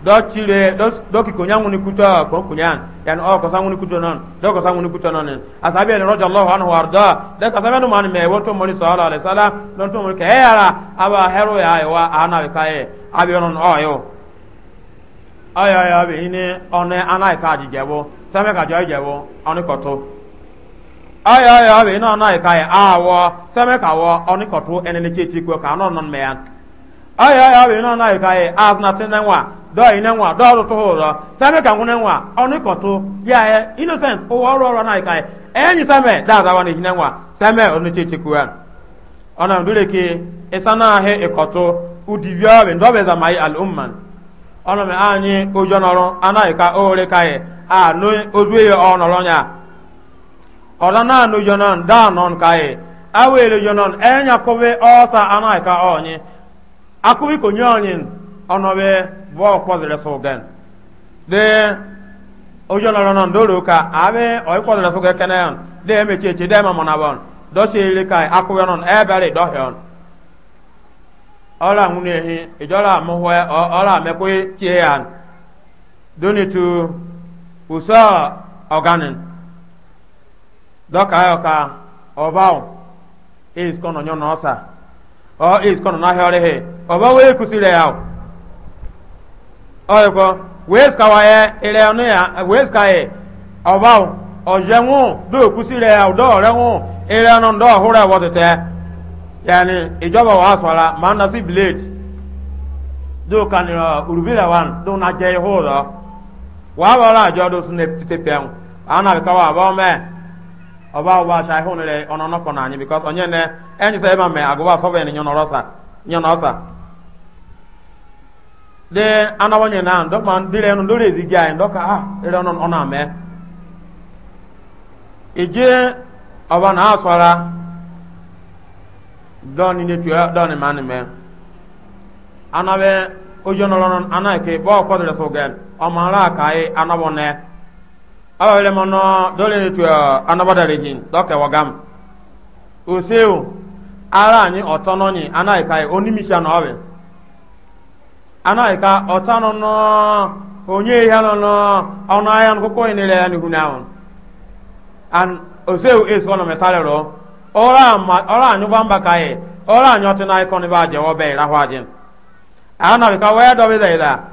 do chile do do ki kunya kuta ko kunya yani o oh, ko sanguni kuta non do ko sanguni kuta non asabi al anhu arda da ka sabe man me woto sallallahu alaihi wasallam don to ke yara aba hero ya wa ana abi non o oh, yo oh, aya ya bi ni ya bi na ana ka ya awo same ka wo ayi ayi awi ye ne wa yi ne wa ne wa ɔni ya ye innocent o wɔɔrɔ wɔɔrɔ na ka ye ɛyɛ sɛmɛ daada wa ni hinɛ wa sɛmɛ ɔni tse tse ɔna ke isana he ikɔtu bɛ zama yi ali umman ɔna anyi ka oore ka ye a no ozu ɔnɔrɔ nya ɔna ka ye awo ele jɔnɔn ɛyɛ nya ɔsa akubi ko nyonyin ono be bo ko zere so gan de do ro ka abe o ko zere so ga kenan de me che che de ma mona bon do se ile kai akubi e do hi mo ho ola me ko che yan tu usa do ka yo ka e is ọ iskọnọ n'ahịa ọrịghị ọba wee kwụsịrị ya ọ ọyịkọ wee skawa ya ire ọnụ ya wee ska ya ọba ọjọ nwụ dọ kwụsịrị ya ụdọ ọrịa nwụ ire ọnụ ndọ ọhụrụ ya wọtụtụ ya ìjọba wa sọra máa ń na sí blade dọ kanìrọ urubira wa dọ na jẹ ihu rọ wàá bọ̀ ọ́ àjọ dọ sún ní títí pẹ́ẹ́n àwọn àbíkáwá àbọ̀ mẹ́ẹ̀. ọba ọba sha ho le ono no onye na enyi se ma de nye na ndo man dire no ndore ezi gi ayi ndoka ah ere ọ na-amị. ije ọba na aswara doni ne tuya doni man me anawe ojo no ana ke bo ko de gị awele mono dole ne tuya anabada rehin doke wagam useu ara anyi otono ni anaika e, onimisha no awe anaika otono no onye ya no no ona ya nkoko inele ya e, ni hunawon an useu is kono metalero ora ma ora anyu bamba kai ora ikoni anaika we do bi da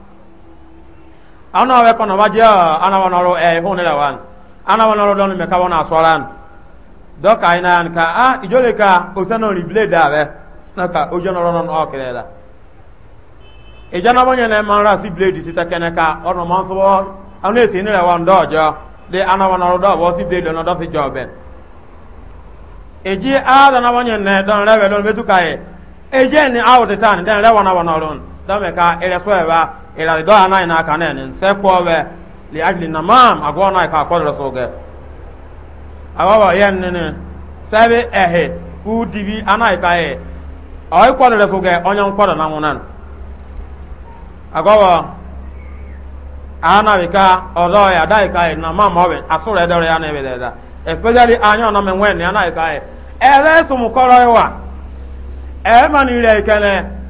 ana wa kono wajia ana wa noro e eh, hone wan ana wa noro don me ka wona aswaran do ka ina an ka a ah, ijole ka o sano ri blade eh. ka o jono ron o e jana man ra si blade ka ono man so e wan do jo de ana wa noro si blade no do fi a da na don ka e ila do ana ina kana ne se ko be li ajli namam agwa na ka ko rasul ge awawa yen ne ne sabe ehe ku dibi ana ka e oy ko rasul ge onyon ko na ngunan agwa ana ka odo ya dai ka e namam ya ne be da especially anyo na me wen ne ana ka e ere sumu wa e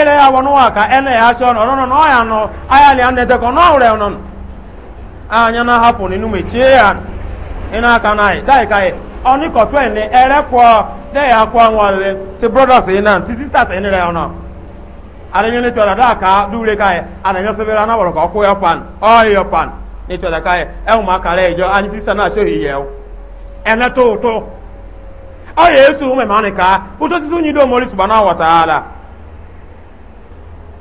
ele ya wọnú wa ka ene ya asọ nọ nọ nọ ya nọ aya li ane dekọ nọ ọrẹ nọ anya na hapụ n'inu mechie ya ịna aka na anyị e. dai ka ọnị kọtụ ene ere kwọ de ya kwọ nwale ti brothers yi e. na ti sisters yi nire ọnọ adịghị n'etu ọdọ daa ka dure ana anyị adịghị sịbịrị anabọrọ ka ọkụ ya pan ọyị ya pan n'etu ọdọ ka anyị ewu m akara ịjọ anyị sista na-achọghị ya ene tụ ụtụ ọ ya esu ụmụ ma ọ nị ka ụtụ sisi onye ido mori subana wataala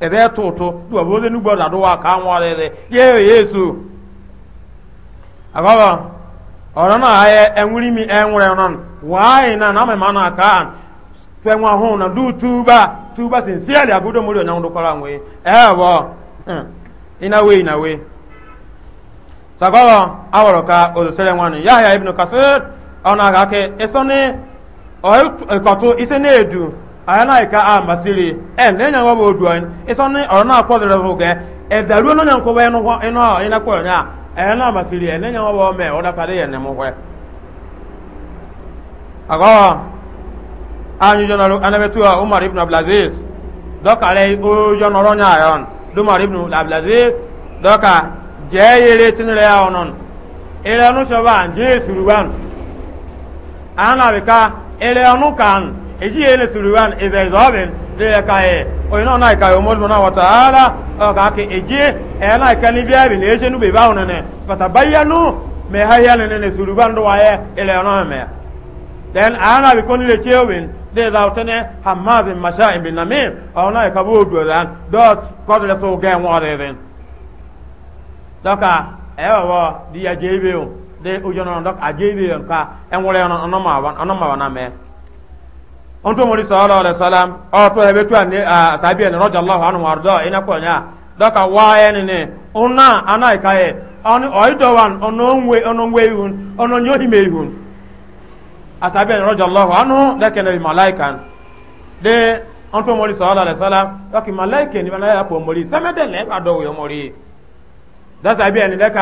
ebe ya e tutu duwa onye nugbo da duwa ka anwa rere ye yesu agaba ọ̀rọ̀ náà ayẹ enwere mi ẹ̀wúrẹ̀ náà na náà e náà e na náà ká àn na ahọ́n tuba tuba túbà túbà sincerely agudo mórí onye ọdún kọ́ra àwọn ẹ̀ wọ́ ìnáwó ìnáwó sagọ́wọ́ ka ọ ịkọtụ isi edu na' ayanaika a masiri ɛ e, en enya wa bo duan isoni orona akodere vuge edaru no nyanko we no eno ina ko nya na masiri ɛ e, en enya wa bo me oda pare ye ne muhwe agawa anyu jonalu anabetua umar ibn abdulaziz doka le o jonoro nya ayon dumar ibn abdulaziz doka jeyere tinre ya onon ere onu shoba jesu ruban na beka ka onu kan eji ele suruwan na ikaye omodmo na wataala oka ke eji e na ikani biabi ne eje nube bawo ne pata bayanu me haya ne ne suruwan do waye ile ona me then ana bi koni le chewin de da utene hamaz masha'im bin namim na ka do dan dot so gen wa de den doka ewa wo di ajebe o de ojono dok ajebe nka enwore ono no ma wa ma na me onto mori sallallahu alaihi wasallam o to hebe tu ani asabi en radiyallahu anhu warda ina ko nya doka wa en ne ana ikaye wan ono nwe ono nwe ono me asabi en anhu da de onto mori sallallahu alaihi wasallam doki ni bana ya ko mori samede le yo mori da sabi en en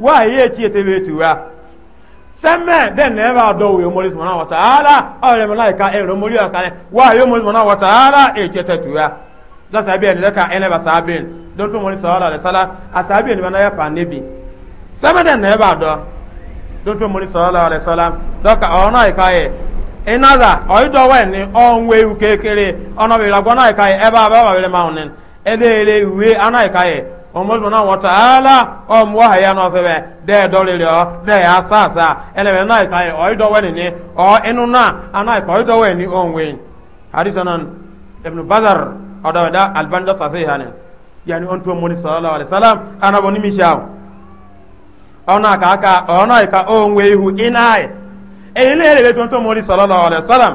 wa ye chi etebe sẹ́mẹ̀ dẹ́n ní ẹ̀rọ àdọ́wò yomori sọ̀rọ̀ àwọn ara ọ̀rẹ́ mi láìka ẹ̀rọ mori ọ̀kalẹ̀ wá yomori ya lọ́sà ẹbí ẹni lẹ́ka ẹni bá sábẹ́ ẹni dọ́tún mori sọ̀rọ̀ sálá àsábẹ́ ẹni bá náà pa níbi sẹ́mẹ̀ dẹ́n ní ẹ̀rọ àdọ́ dọ́tún mori sọ̀rọ̀ àlẹ́ sálá dọ́ka ọ̀rọ̀ náà ẹ̀ka yẹ ìnáza ní ewu kékeré ọmọlùmọ́nà wọ́n ta ala ọmọ ya hàyà náà fẹ́ dẹ́ dọ́lẹ̀lẹ̀ ọ dẹ́ yà sàásà ẹlẹ́wẹ̀ náà ìka ẹ̀ ọ̀yí dọ́wẹ́ ọ inú náà aná ìka ọ̀yí dọ́wẹ́ ní ọ̀nwé hadisanan ibn bazar ọ̀dọ̀wẹ̀dá albanjọ sàṣẹ ìhànẹ ọ̀n tó mọ́ni wàlẹ̀ sálám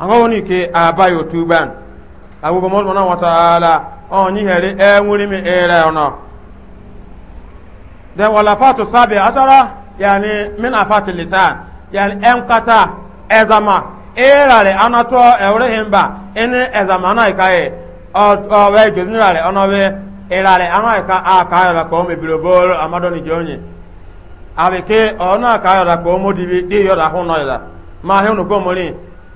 anga woni ke abayo tuban abugo mo mona wa taala on yi heri e nwuri mi de wala fatu sabi asara yani min afati lisan yani en kata ezama era re anato ana ka aka ra ko ni jonye abeke ona ka ra ko modibi de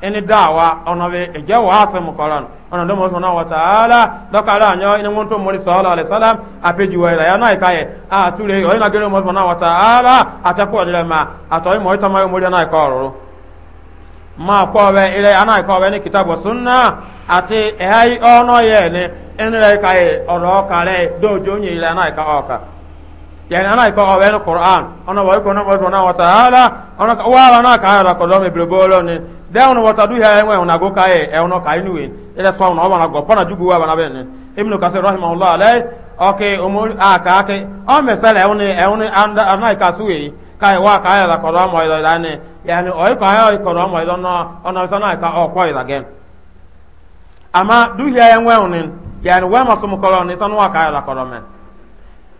ini dawa ono be eje wa ase mu koran ono do mo sona wa taala do kala anyo ini ngonto mo sallallahu alaihi wasallam apeji wa ila yana a tule o ina gere mo sona wa taala atako dile ma atoy mo na ikoro ma ko be ile ana ko be ni kitabu sunna ati ono ye oro oka yani ana iko dɛw ni wɔtɔ duhi ayɛ ŋɔɛ nago ka ye ɛw nɔ ka inu ye ɛlɛ sɔn na ɔmana gɔ pɔna jugu wa bana bɛ ne ibnu kasir rahimahullah alɛ ɔke omo a ka ke ɔn mɛ sɛlɛ ɛw ni ni anda ana yi ka su ye ka ye wa ka yɛ la kɔdɔ mɔ yɛlɛ la ne yanni ɔyi ka yɛ kɔdɔ mɔ yɛlɛ nɔ ɔnɔ sɛ n'a yi ka ama ni yanni kɔlɔ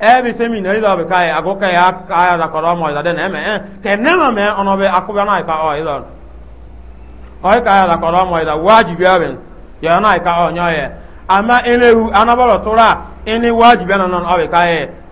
ebe semi na ido ọ kai ago kai aya da koro mo da den eme ke ne na me ono be na ka o ido o ka aya da koro mo da aben ya na ka o nyoye ama ini wajibi na non o be kai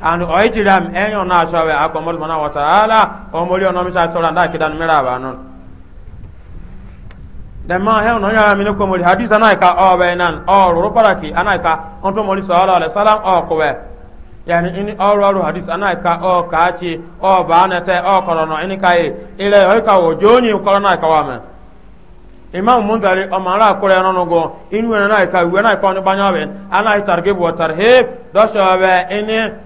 and oitiram enyo na shawe akomol mana wa taala ono nda kidan miraba non da ma he ono ya hadisa na ka o be nan o ru paraki anaika onto moli sallallahu alaihi salam o ko we yani ini ọrụ ọrụ hadis anaika ọ kaachi ọ baa ọ kọrọ nọ ini kai ile ọ ka wo joni ọ ma ra no go inu na ka we na ka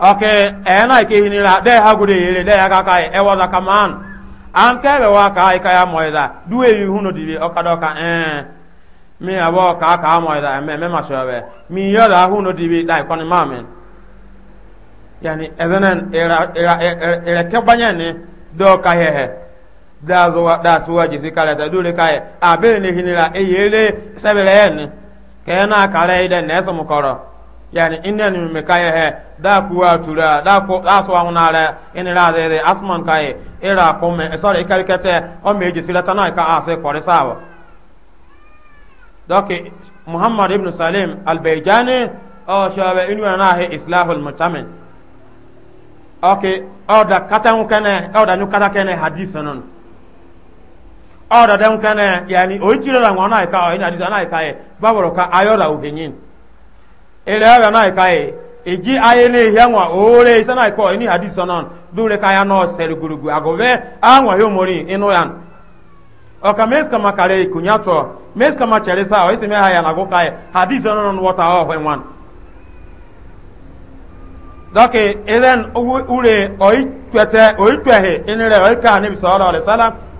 oke ena ke hinira de hagude yele de ya ka e waza kaman an ke be wa ka ka ya moiza duwe yi hunu dibi okado ka eh mi abo ka ka moiza me me ma so be mi yola hunu dibi dai kon mamen yani ezanen era era era ke banyane do ka hehe da zo da suwa jisi kala ta dole ka e abele ne hinira e yele sabele en ke na kala ide ne so mukoro yani inna ni me kaye he da kuwa tura da ko da so awon ara in ra de de asman kaye era ko me eh, sorry ikarikete o me ji silata na ka ase kore sawa doke muhammad ibn salim al-bayjani o shabe inu na he islahul mutamin oke o da katan kene o da nyukata kene hadith non o da dan kene yani o jira na ngona ka o ina hadith na ka e baboro ka ayola ere ya na kai eji anyị na ehia nwa ore ise na ko ini hadith onon dure kaya no seri gurugu agove anwa yo mori inu yan oka mes kama kare kunyato mes kama sa na go kai hadith onon ure twete twehe inire ka ọrụ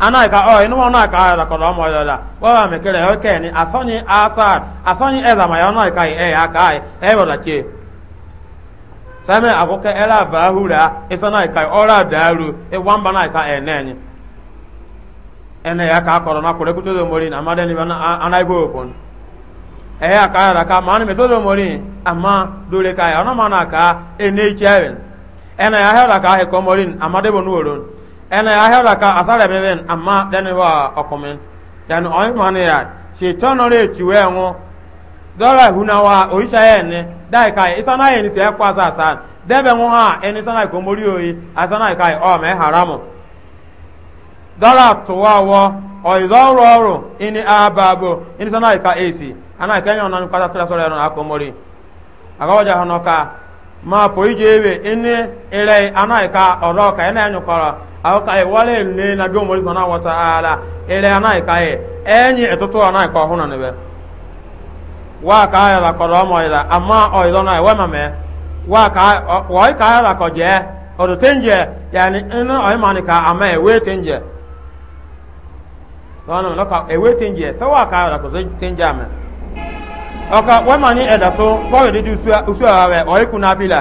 anaika o inu aka ka ala ko mo la wa me kele o ke ni asonyi asar asonyi eza ma ya ka aka e wala che same akoke ela ba hura isana ka ora na ka enenye ene ya ka akọrọ na kure kuto do na amade ni bana anaibo ya daka ala ama ya ene ahera ka asare beben amma dene wa okomen dan oy mane ya shaitan re chiwe nwo dora huna wa ya ene dai kai isana ene se kwa debe nwo ha ene sana oyi asana kai o haramu tuwa ababo sana ka esi ana ka na ko mori ma po ije ewe ana ka aw kai wale ne na bi umuri subhanahu wa ta'ala ile anai kai enyi etutu anai ko na ne be wa ka ya la ko romo ila amma o na wa ma wa ka wa ka ya la ko je o do tenje ina o ka ama e we tenje wana lo ka e we tenje so ya la ko tenje ama e wa we di o iku na bila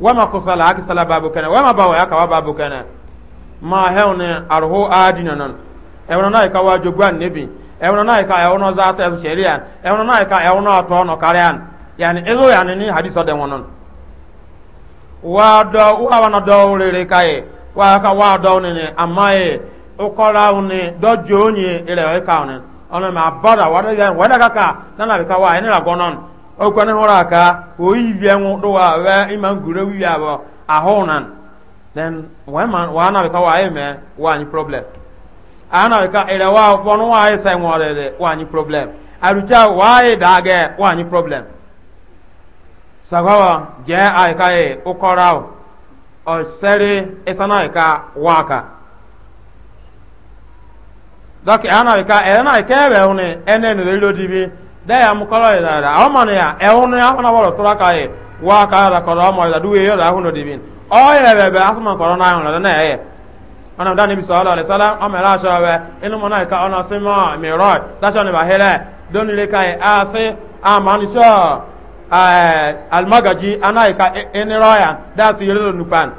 wa ma akisala ma ka wa ma hewne arho adina non ewno nay ka wajo gwan nebi ewno na ka ewno zata ebu sherian ewno nay ka ewno to no karean yani ezo yani ni hadiso de wonon wa do u do wa ka wa do ne ne ka ma wa wa na ka wa ni la ka o yi do wa we gure wi then wema wana bika wa eme wa ni problem ana bika ile wa bonu wa ai sai ngore de wa ni problem arucha wa ai dage wa ni problem sagawa je eh, ai kai ukora o sere esana ka waka dɔki ana bika ɛna ike ebe hune ene ne lelo dibi de ya mukoro ida da o manu ya ehunu ya fana wolo tura kai wa ka da kɔrɔ mɔ da duwe yɔ da hu no di bin o yɛ bɛ bɛ asuma kɔrɔ na hu no na yɛ ana da ni bi sallallahu alaihi wasallam amara sha wa inu mona ka ona sima miraj da sha ba hele don le kai e ase amani sha eh, almagaji ana ka eniraya da si yelo nupan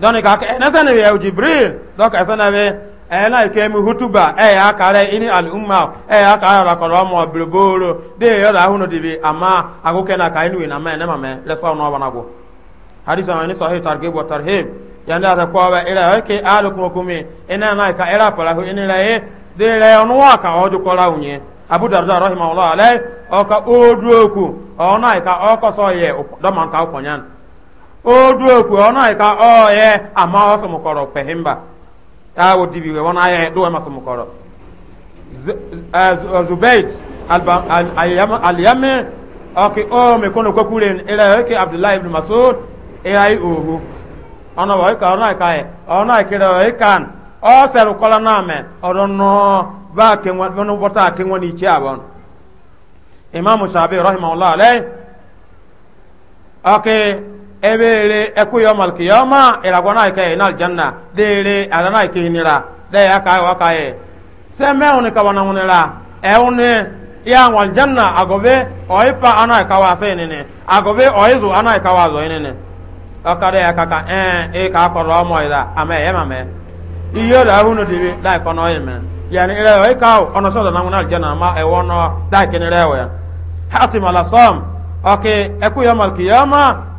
don ka ka na na bi ena ike hutuba e ya ini al umma e ya kare koro mo bilboro de yo da huno dibi ama aguke na kai nuwe na ma na ma me leswa no bana go hadith sahih tarhib yanda kwa ba ila kumi ina na ka ira pala hu ini lae de onu kola unye abu darda rahimahullah alai o ka odu oku ona ka o ko so ye do man ka odu oku ona ka o ye ama o so mo koro pehimba awo dibi we wona ye do ma sum koro zubayt al yame oki o me kono ko kulen ila ke abdullah ibn mas'ud e ay ohu ona wa ka ona ka e ona ke ro e kan o ba ke won no bota ke won ichi abon imam shabi rahimahullah ebere ekuyo ya iragwana ike na aljanna dere adana ike nira de ya kai aka kai se me oni ka wana munira e oni e ya wal janna agobe oipa ana ka wa asị nene agobe oizu ana ka wa zo nene dị ya kaka eh e ka akoro mo ida ama e ma me iyo da hunu dibi da ko no yeme yani ire oi ka ono so da na munal janna ma e wono da kinire we hatim alasam okay ekuyo malkiyama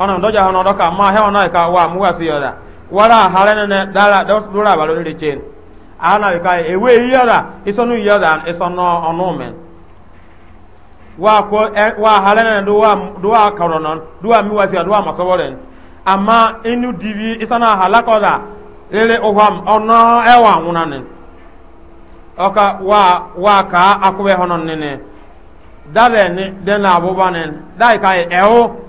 ono ndoja ono doka ma he ono ka wa mu wa siyoda wala halene ne dala dos dura balo de chen ana ka ewe eh, yoda isonu yoda isono ono men wa ko wa halene do wa do wa karonon do wa mi wa siyoda do wa masobolen ama inu divi isana halakoda lele oham ono ewa ngunanen oka wa wa ka akube honon nene dale ni den la bobanen dai kai ewo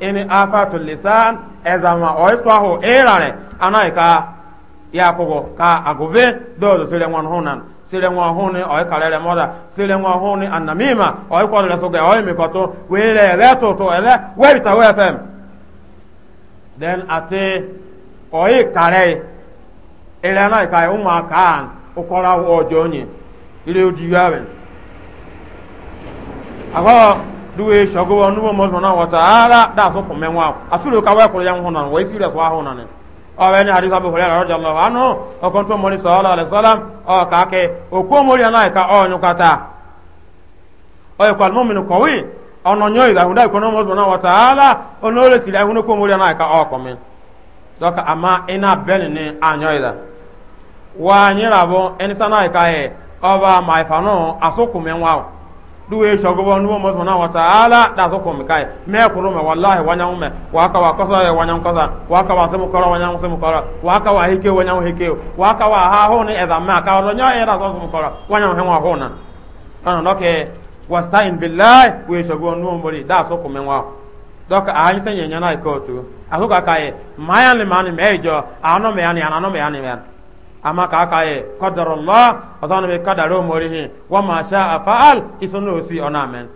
ini afatul lisan ezama oito aho erare anai ka ya kogo ka agube dodo sile ngwan hunan sile ngwan huni oy kalele moda sile ngwan huni annamima oy ko le soge oy mi koto wele le to to ele webita we fem then ate oy kare ele anai ka umma kan ukora ojo nyi ile ojiyawe ago duwe shogo wa nubo mo na wata taala da so ko menwa asulu ka wa ko yang honan wa isiru so ahona ne o we ni hadith abu hurairah radhiyallahu anhu o kon to mo ni o ka ke o ko mo ri na ka o nyu kata o mu'minu nyo ida hunda e ko no na le hunu ko mo ri na ka ka o ba duwe shagobo nuwo mo na wa ala da so ko mikai me kuru me wallahi wanyamu me wa ka wa kosa ya wanyamu kosa wa ka wa semu kora wanyamu semu kora wa ka wa hike wanyamu hike wa ka wa ha ho ne eza ma ka ro nya era so semu kora wanyamu he wa ho na ana noke wastain billahi we shagobo nuwo mo ri da so ko me wa dɔk a yi sɛ nyɛ na yi kɔɔtu a ko ka ka ye maa yɛ ni maa ni mɛ yi jɔ a nɔ mɛ yan ni yan a nɔ mɛ amma ka aka ye qadara allah azana be qadaro morihi wa ma sha'a fa'al isunu si onamen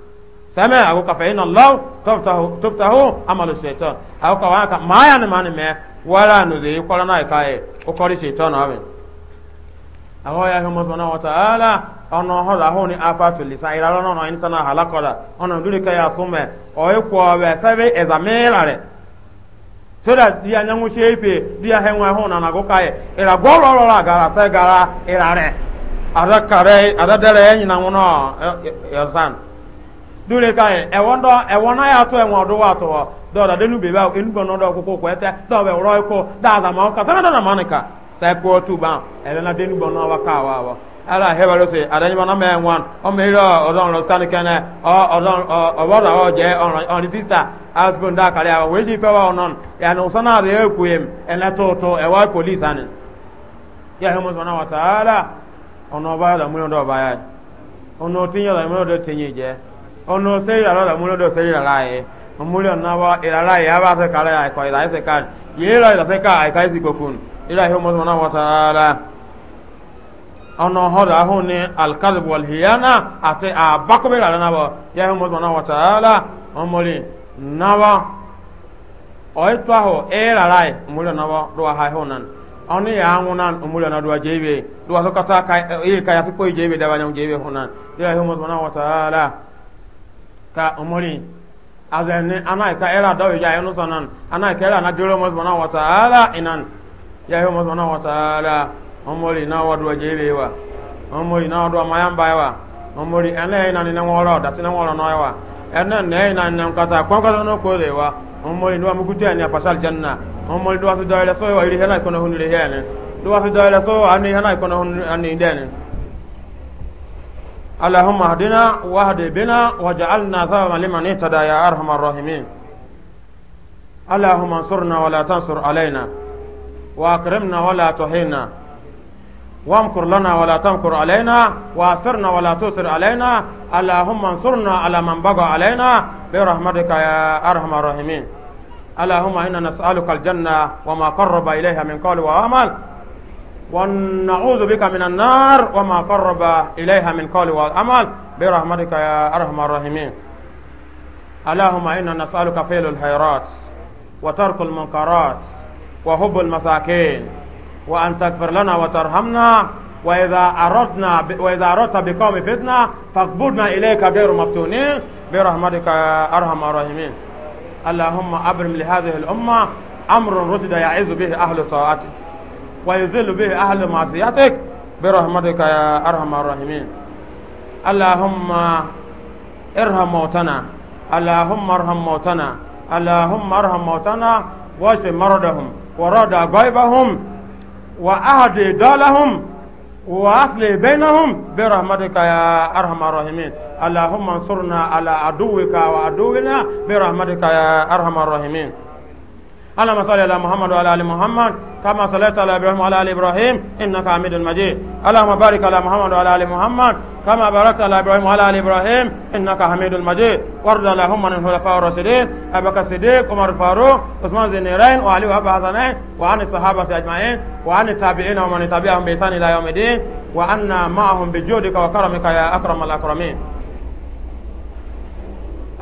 sama ago ka fa inna allah tuftahu tuftahu amalu shaytan ago ka wa ka ma ya ne mani me wala no de ko na ka ye o ko ri shaytan awe ago ya humo subhanahu wa ta'ala ono ho la honi afatu lisa ira no no insana halakala ono dule ka ya sume o e ko wa sabe ezamela re so di ya nyangu shepe dia henwa ho na nago kai ira goro ro gara sa gara ira re ara kare ara enyi na wono yazan e, e, e, dure kai e wondo e wona ya to enwa do da denu bebe enu ka na na manika sa ko ka ala hebalo se adanyima na mɛ ŋwan ɔmɛyira ɔdɔn lɔ sani kɛnɛ ɔ o ɔ ɔbɔdɔ ɔ jɛ ɔn sista asipon da kari awa wesi fɛ wa ɔnɔn yanni sanna de ye kuye ɛnɛ tó tó ɛwà poli sani yahe musamman wa taala ba ba ya na wa ilala ye a b'a se kala ye a kɔ ila ese kan yela ila se ka a ka esi kokun wa ono hoda ahune alkadhib wal hiyana ate abakobe la nabo ya hu mozona wa taala omoli nawa oitwa ho era rai mulo nawa do ha honan oni ya ngunan mulo na do jebe do so kata ka e eh, ka ya pipo jebe da banyam jebe honan ya hu mozona wa taala ka omoli azani ana ka era do ya yunusanan ana ka era na jolo mozona wa taala inan ya hu mozona wa taala omori na wadu wa jebe wa omori na wadu wa mayamba wa omori ene ina ni na ngoro dati na ngoro no wa ene ne ina ni nkata kwa kwa no ko de wa omori ndo amukutia ni apasal janna omori ndo asu dawle so wa ilihana kono hunu le hene ndo asu dawle so ani hana kono hunu ani dene اللهم اهدنا واهد بنا وجعلنا ثوابا لمن اهتدى يا ارحم الراحمين اللهم انصرنا ولا تنصر علينا واكرمنا ولا تهنا وامكر لنا ولا تمكر علينا واسرنا ولا تسر علينا اللهم انصرنا على من بغى علينا برحمتك يا ارحم الراحمين اللهم انا نسالك الجنه وما قرب اليها من قول وعمل ونعوذ بك من النار وما قرب اليها من قول وعمل برحمتك يا ارحم الراحمين اللهم انا نسالك فعل الخيرات وترك المنكرات وحب المساكين وأن تغفر لنا وترحمنا وإذا أردنا ب... وإذا أردت بقوم فتنة فاقبضنا إليك غير مفتونين برحمتك يا أرحم الراحمين اللهم أبرم لهذه الأمة أمر رشد يعز به أهل طاعتك ويذل به أهل معصيتك برحمتك يا أرحم الراحمين اللهم ارحم موتنا اللهم ارحم موتنا اللهم ارحم موتنا واشف مرضهم ورد غيبهم وأهدي دالهم وأصلي بينهم برحمتك يا أرحم الراحمين اللهم انصرنا على عدوك وعدونا برحمتك يا أرحم الراحمين اللهم صل على محمد وعلى ال محمد كما صليت على ابراهيم وعلى ال ابراهيم انك حميد مجيد اللهم بارك على محمد وعلى ال محمد كما باركت على ابراهيم وعلى ال ابراهيم انك حميد مجيد وارض اللهم عن الخلفاء الراشدين ابي بكر الصديق عمر الفاروق عثمان ذي النيرين وعلي وابا حسنين وعن الصحابه اجمعين وعن التابعين ومن تبعهم باحسان الى يوم الدين وعنا معهم بجودك وكرمك يا اكرم الاكرمين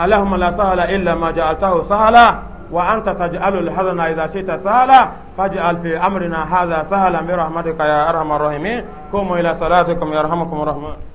اللهم لا سهل الا ما جعلته سهلا وأنت تجعل الحزن إذا شئت سهلا فاجعل في أمرنا هذا سهلا برحمتك يا أرحم الراحمين قوموا إلى صلاتكم يرحمكم الرحمن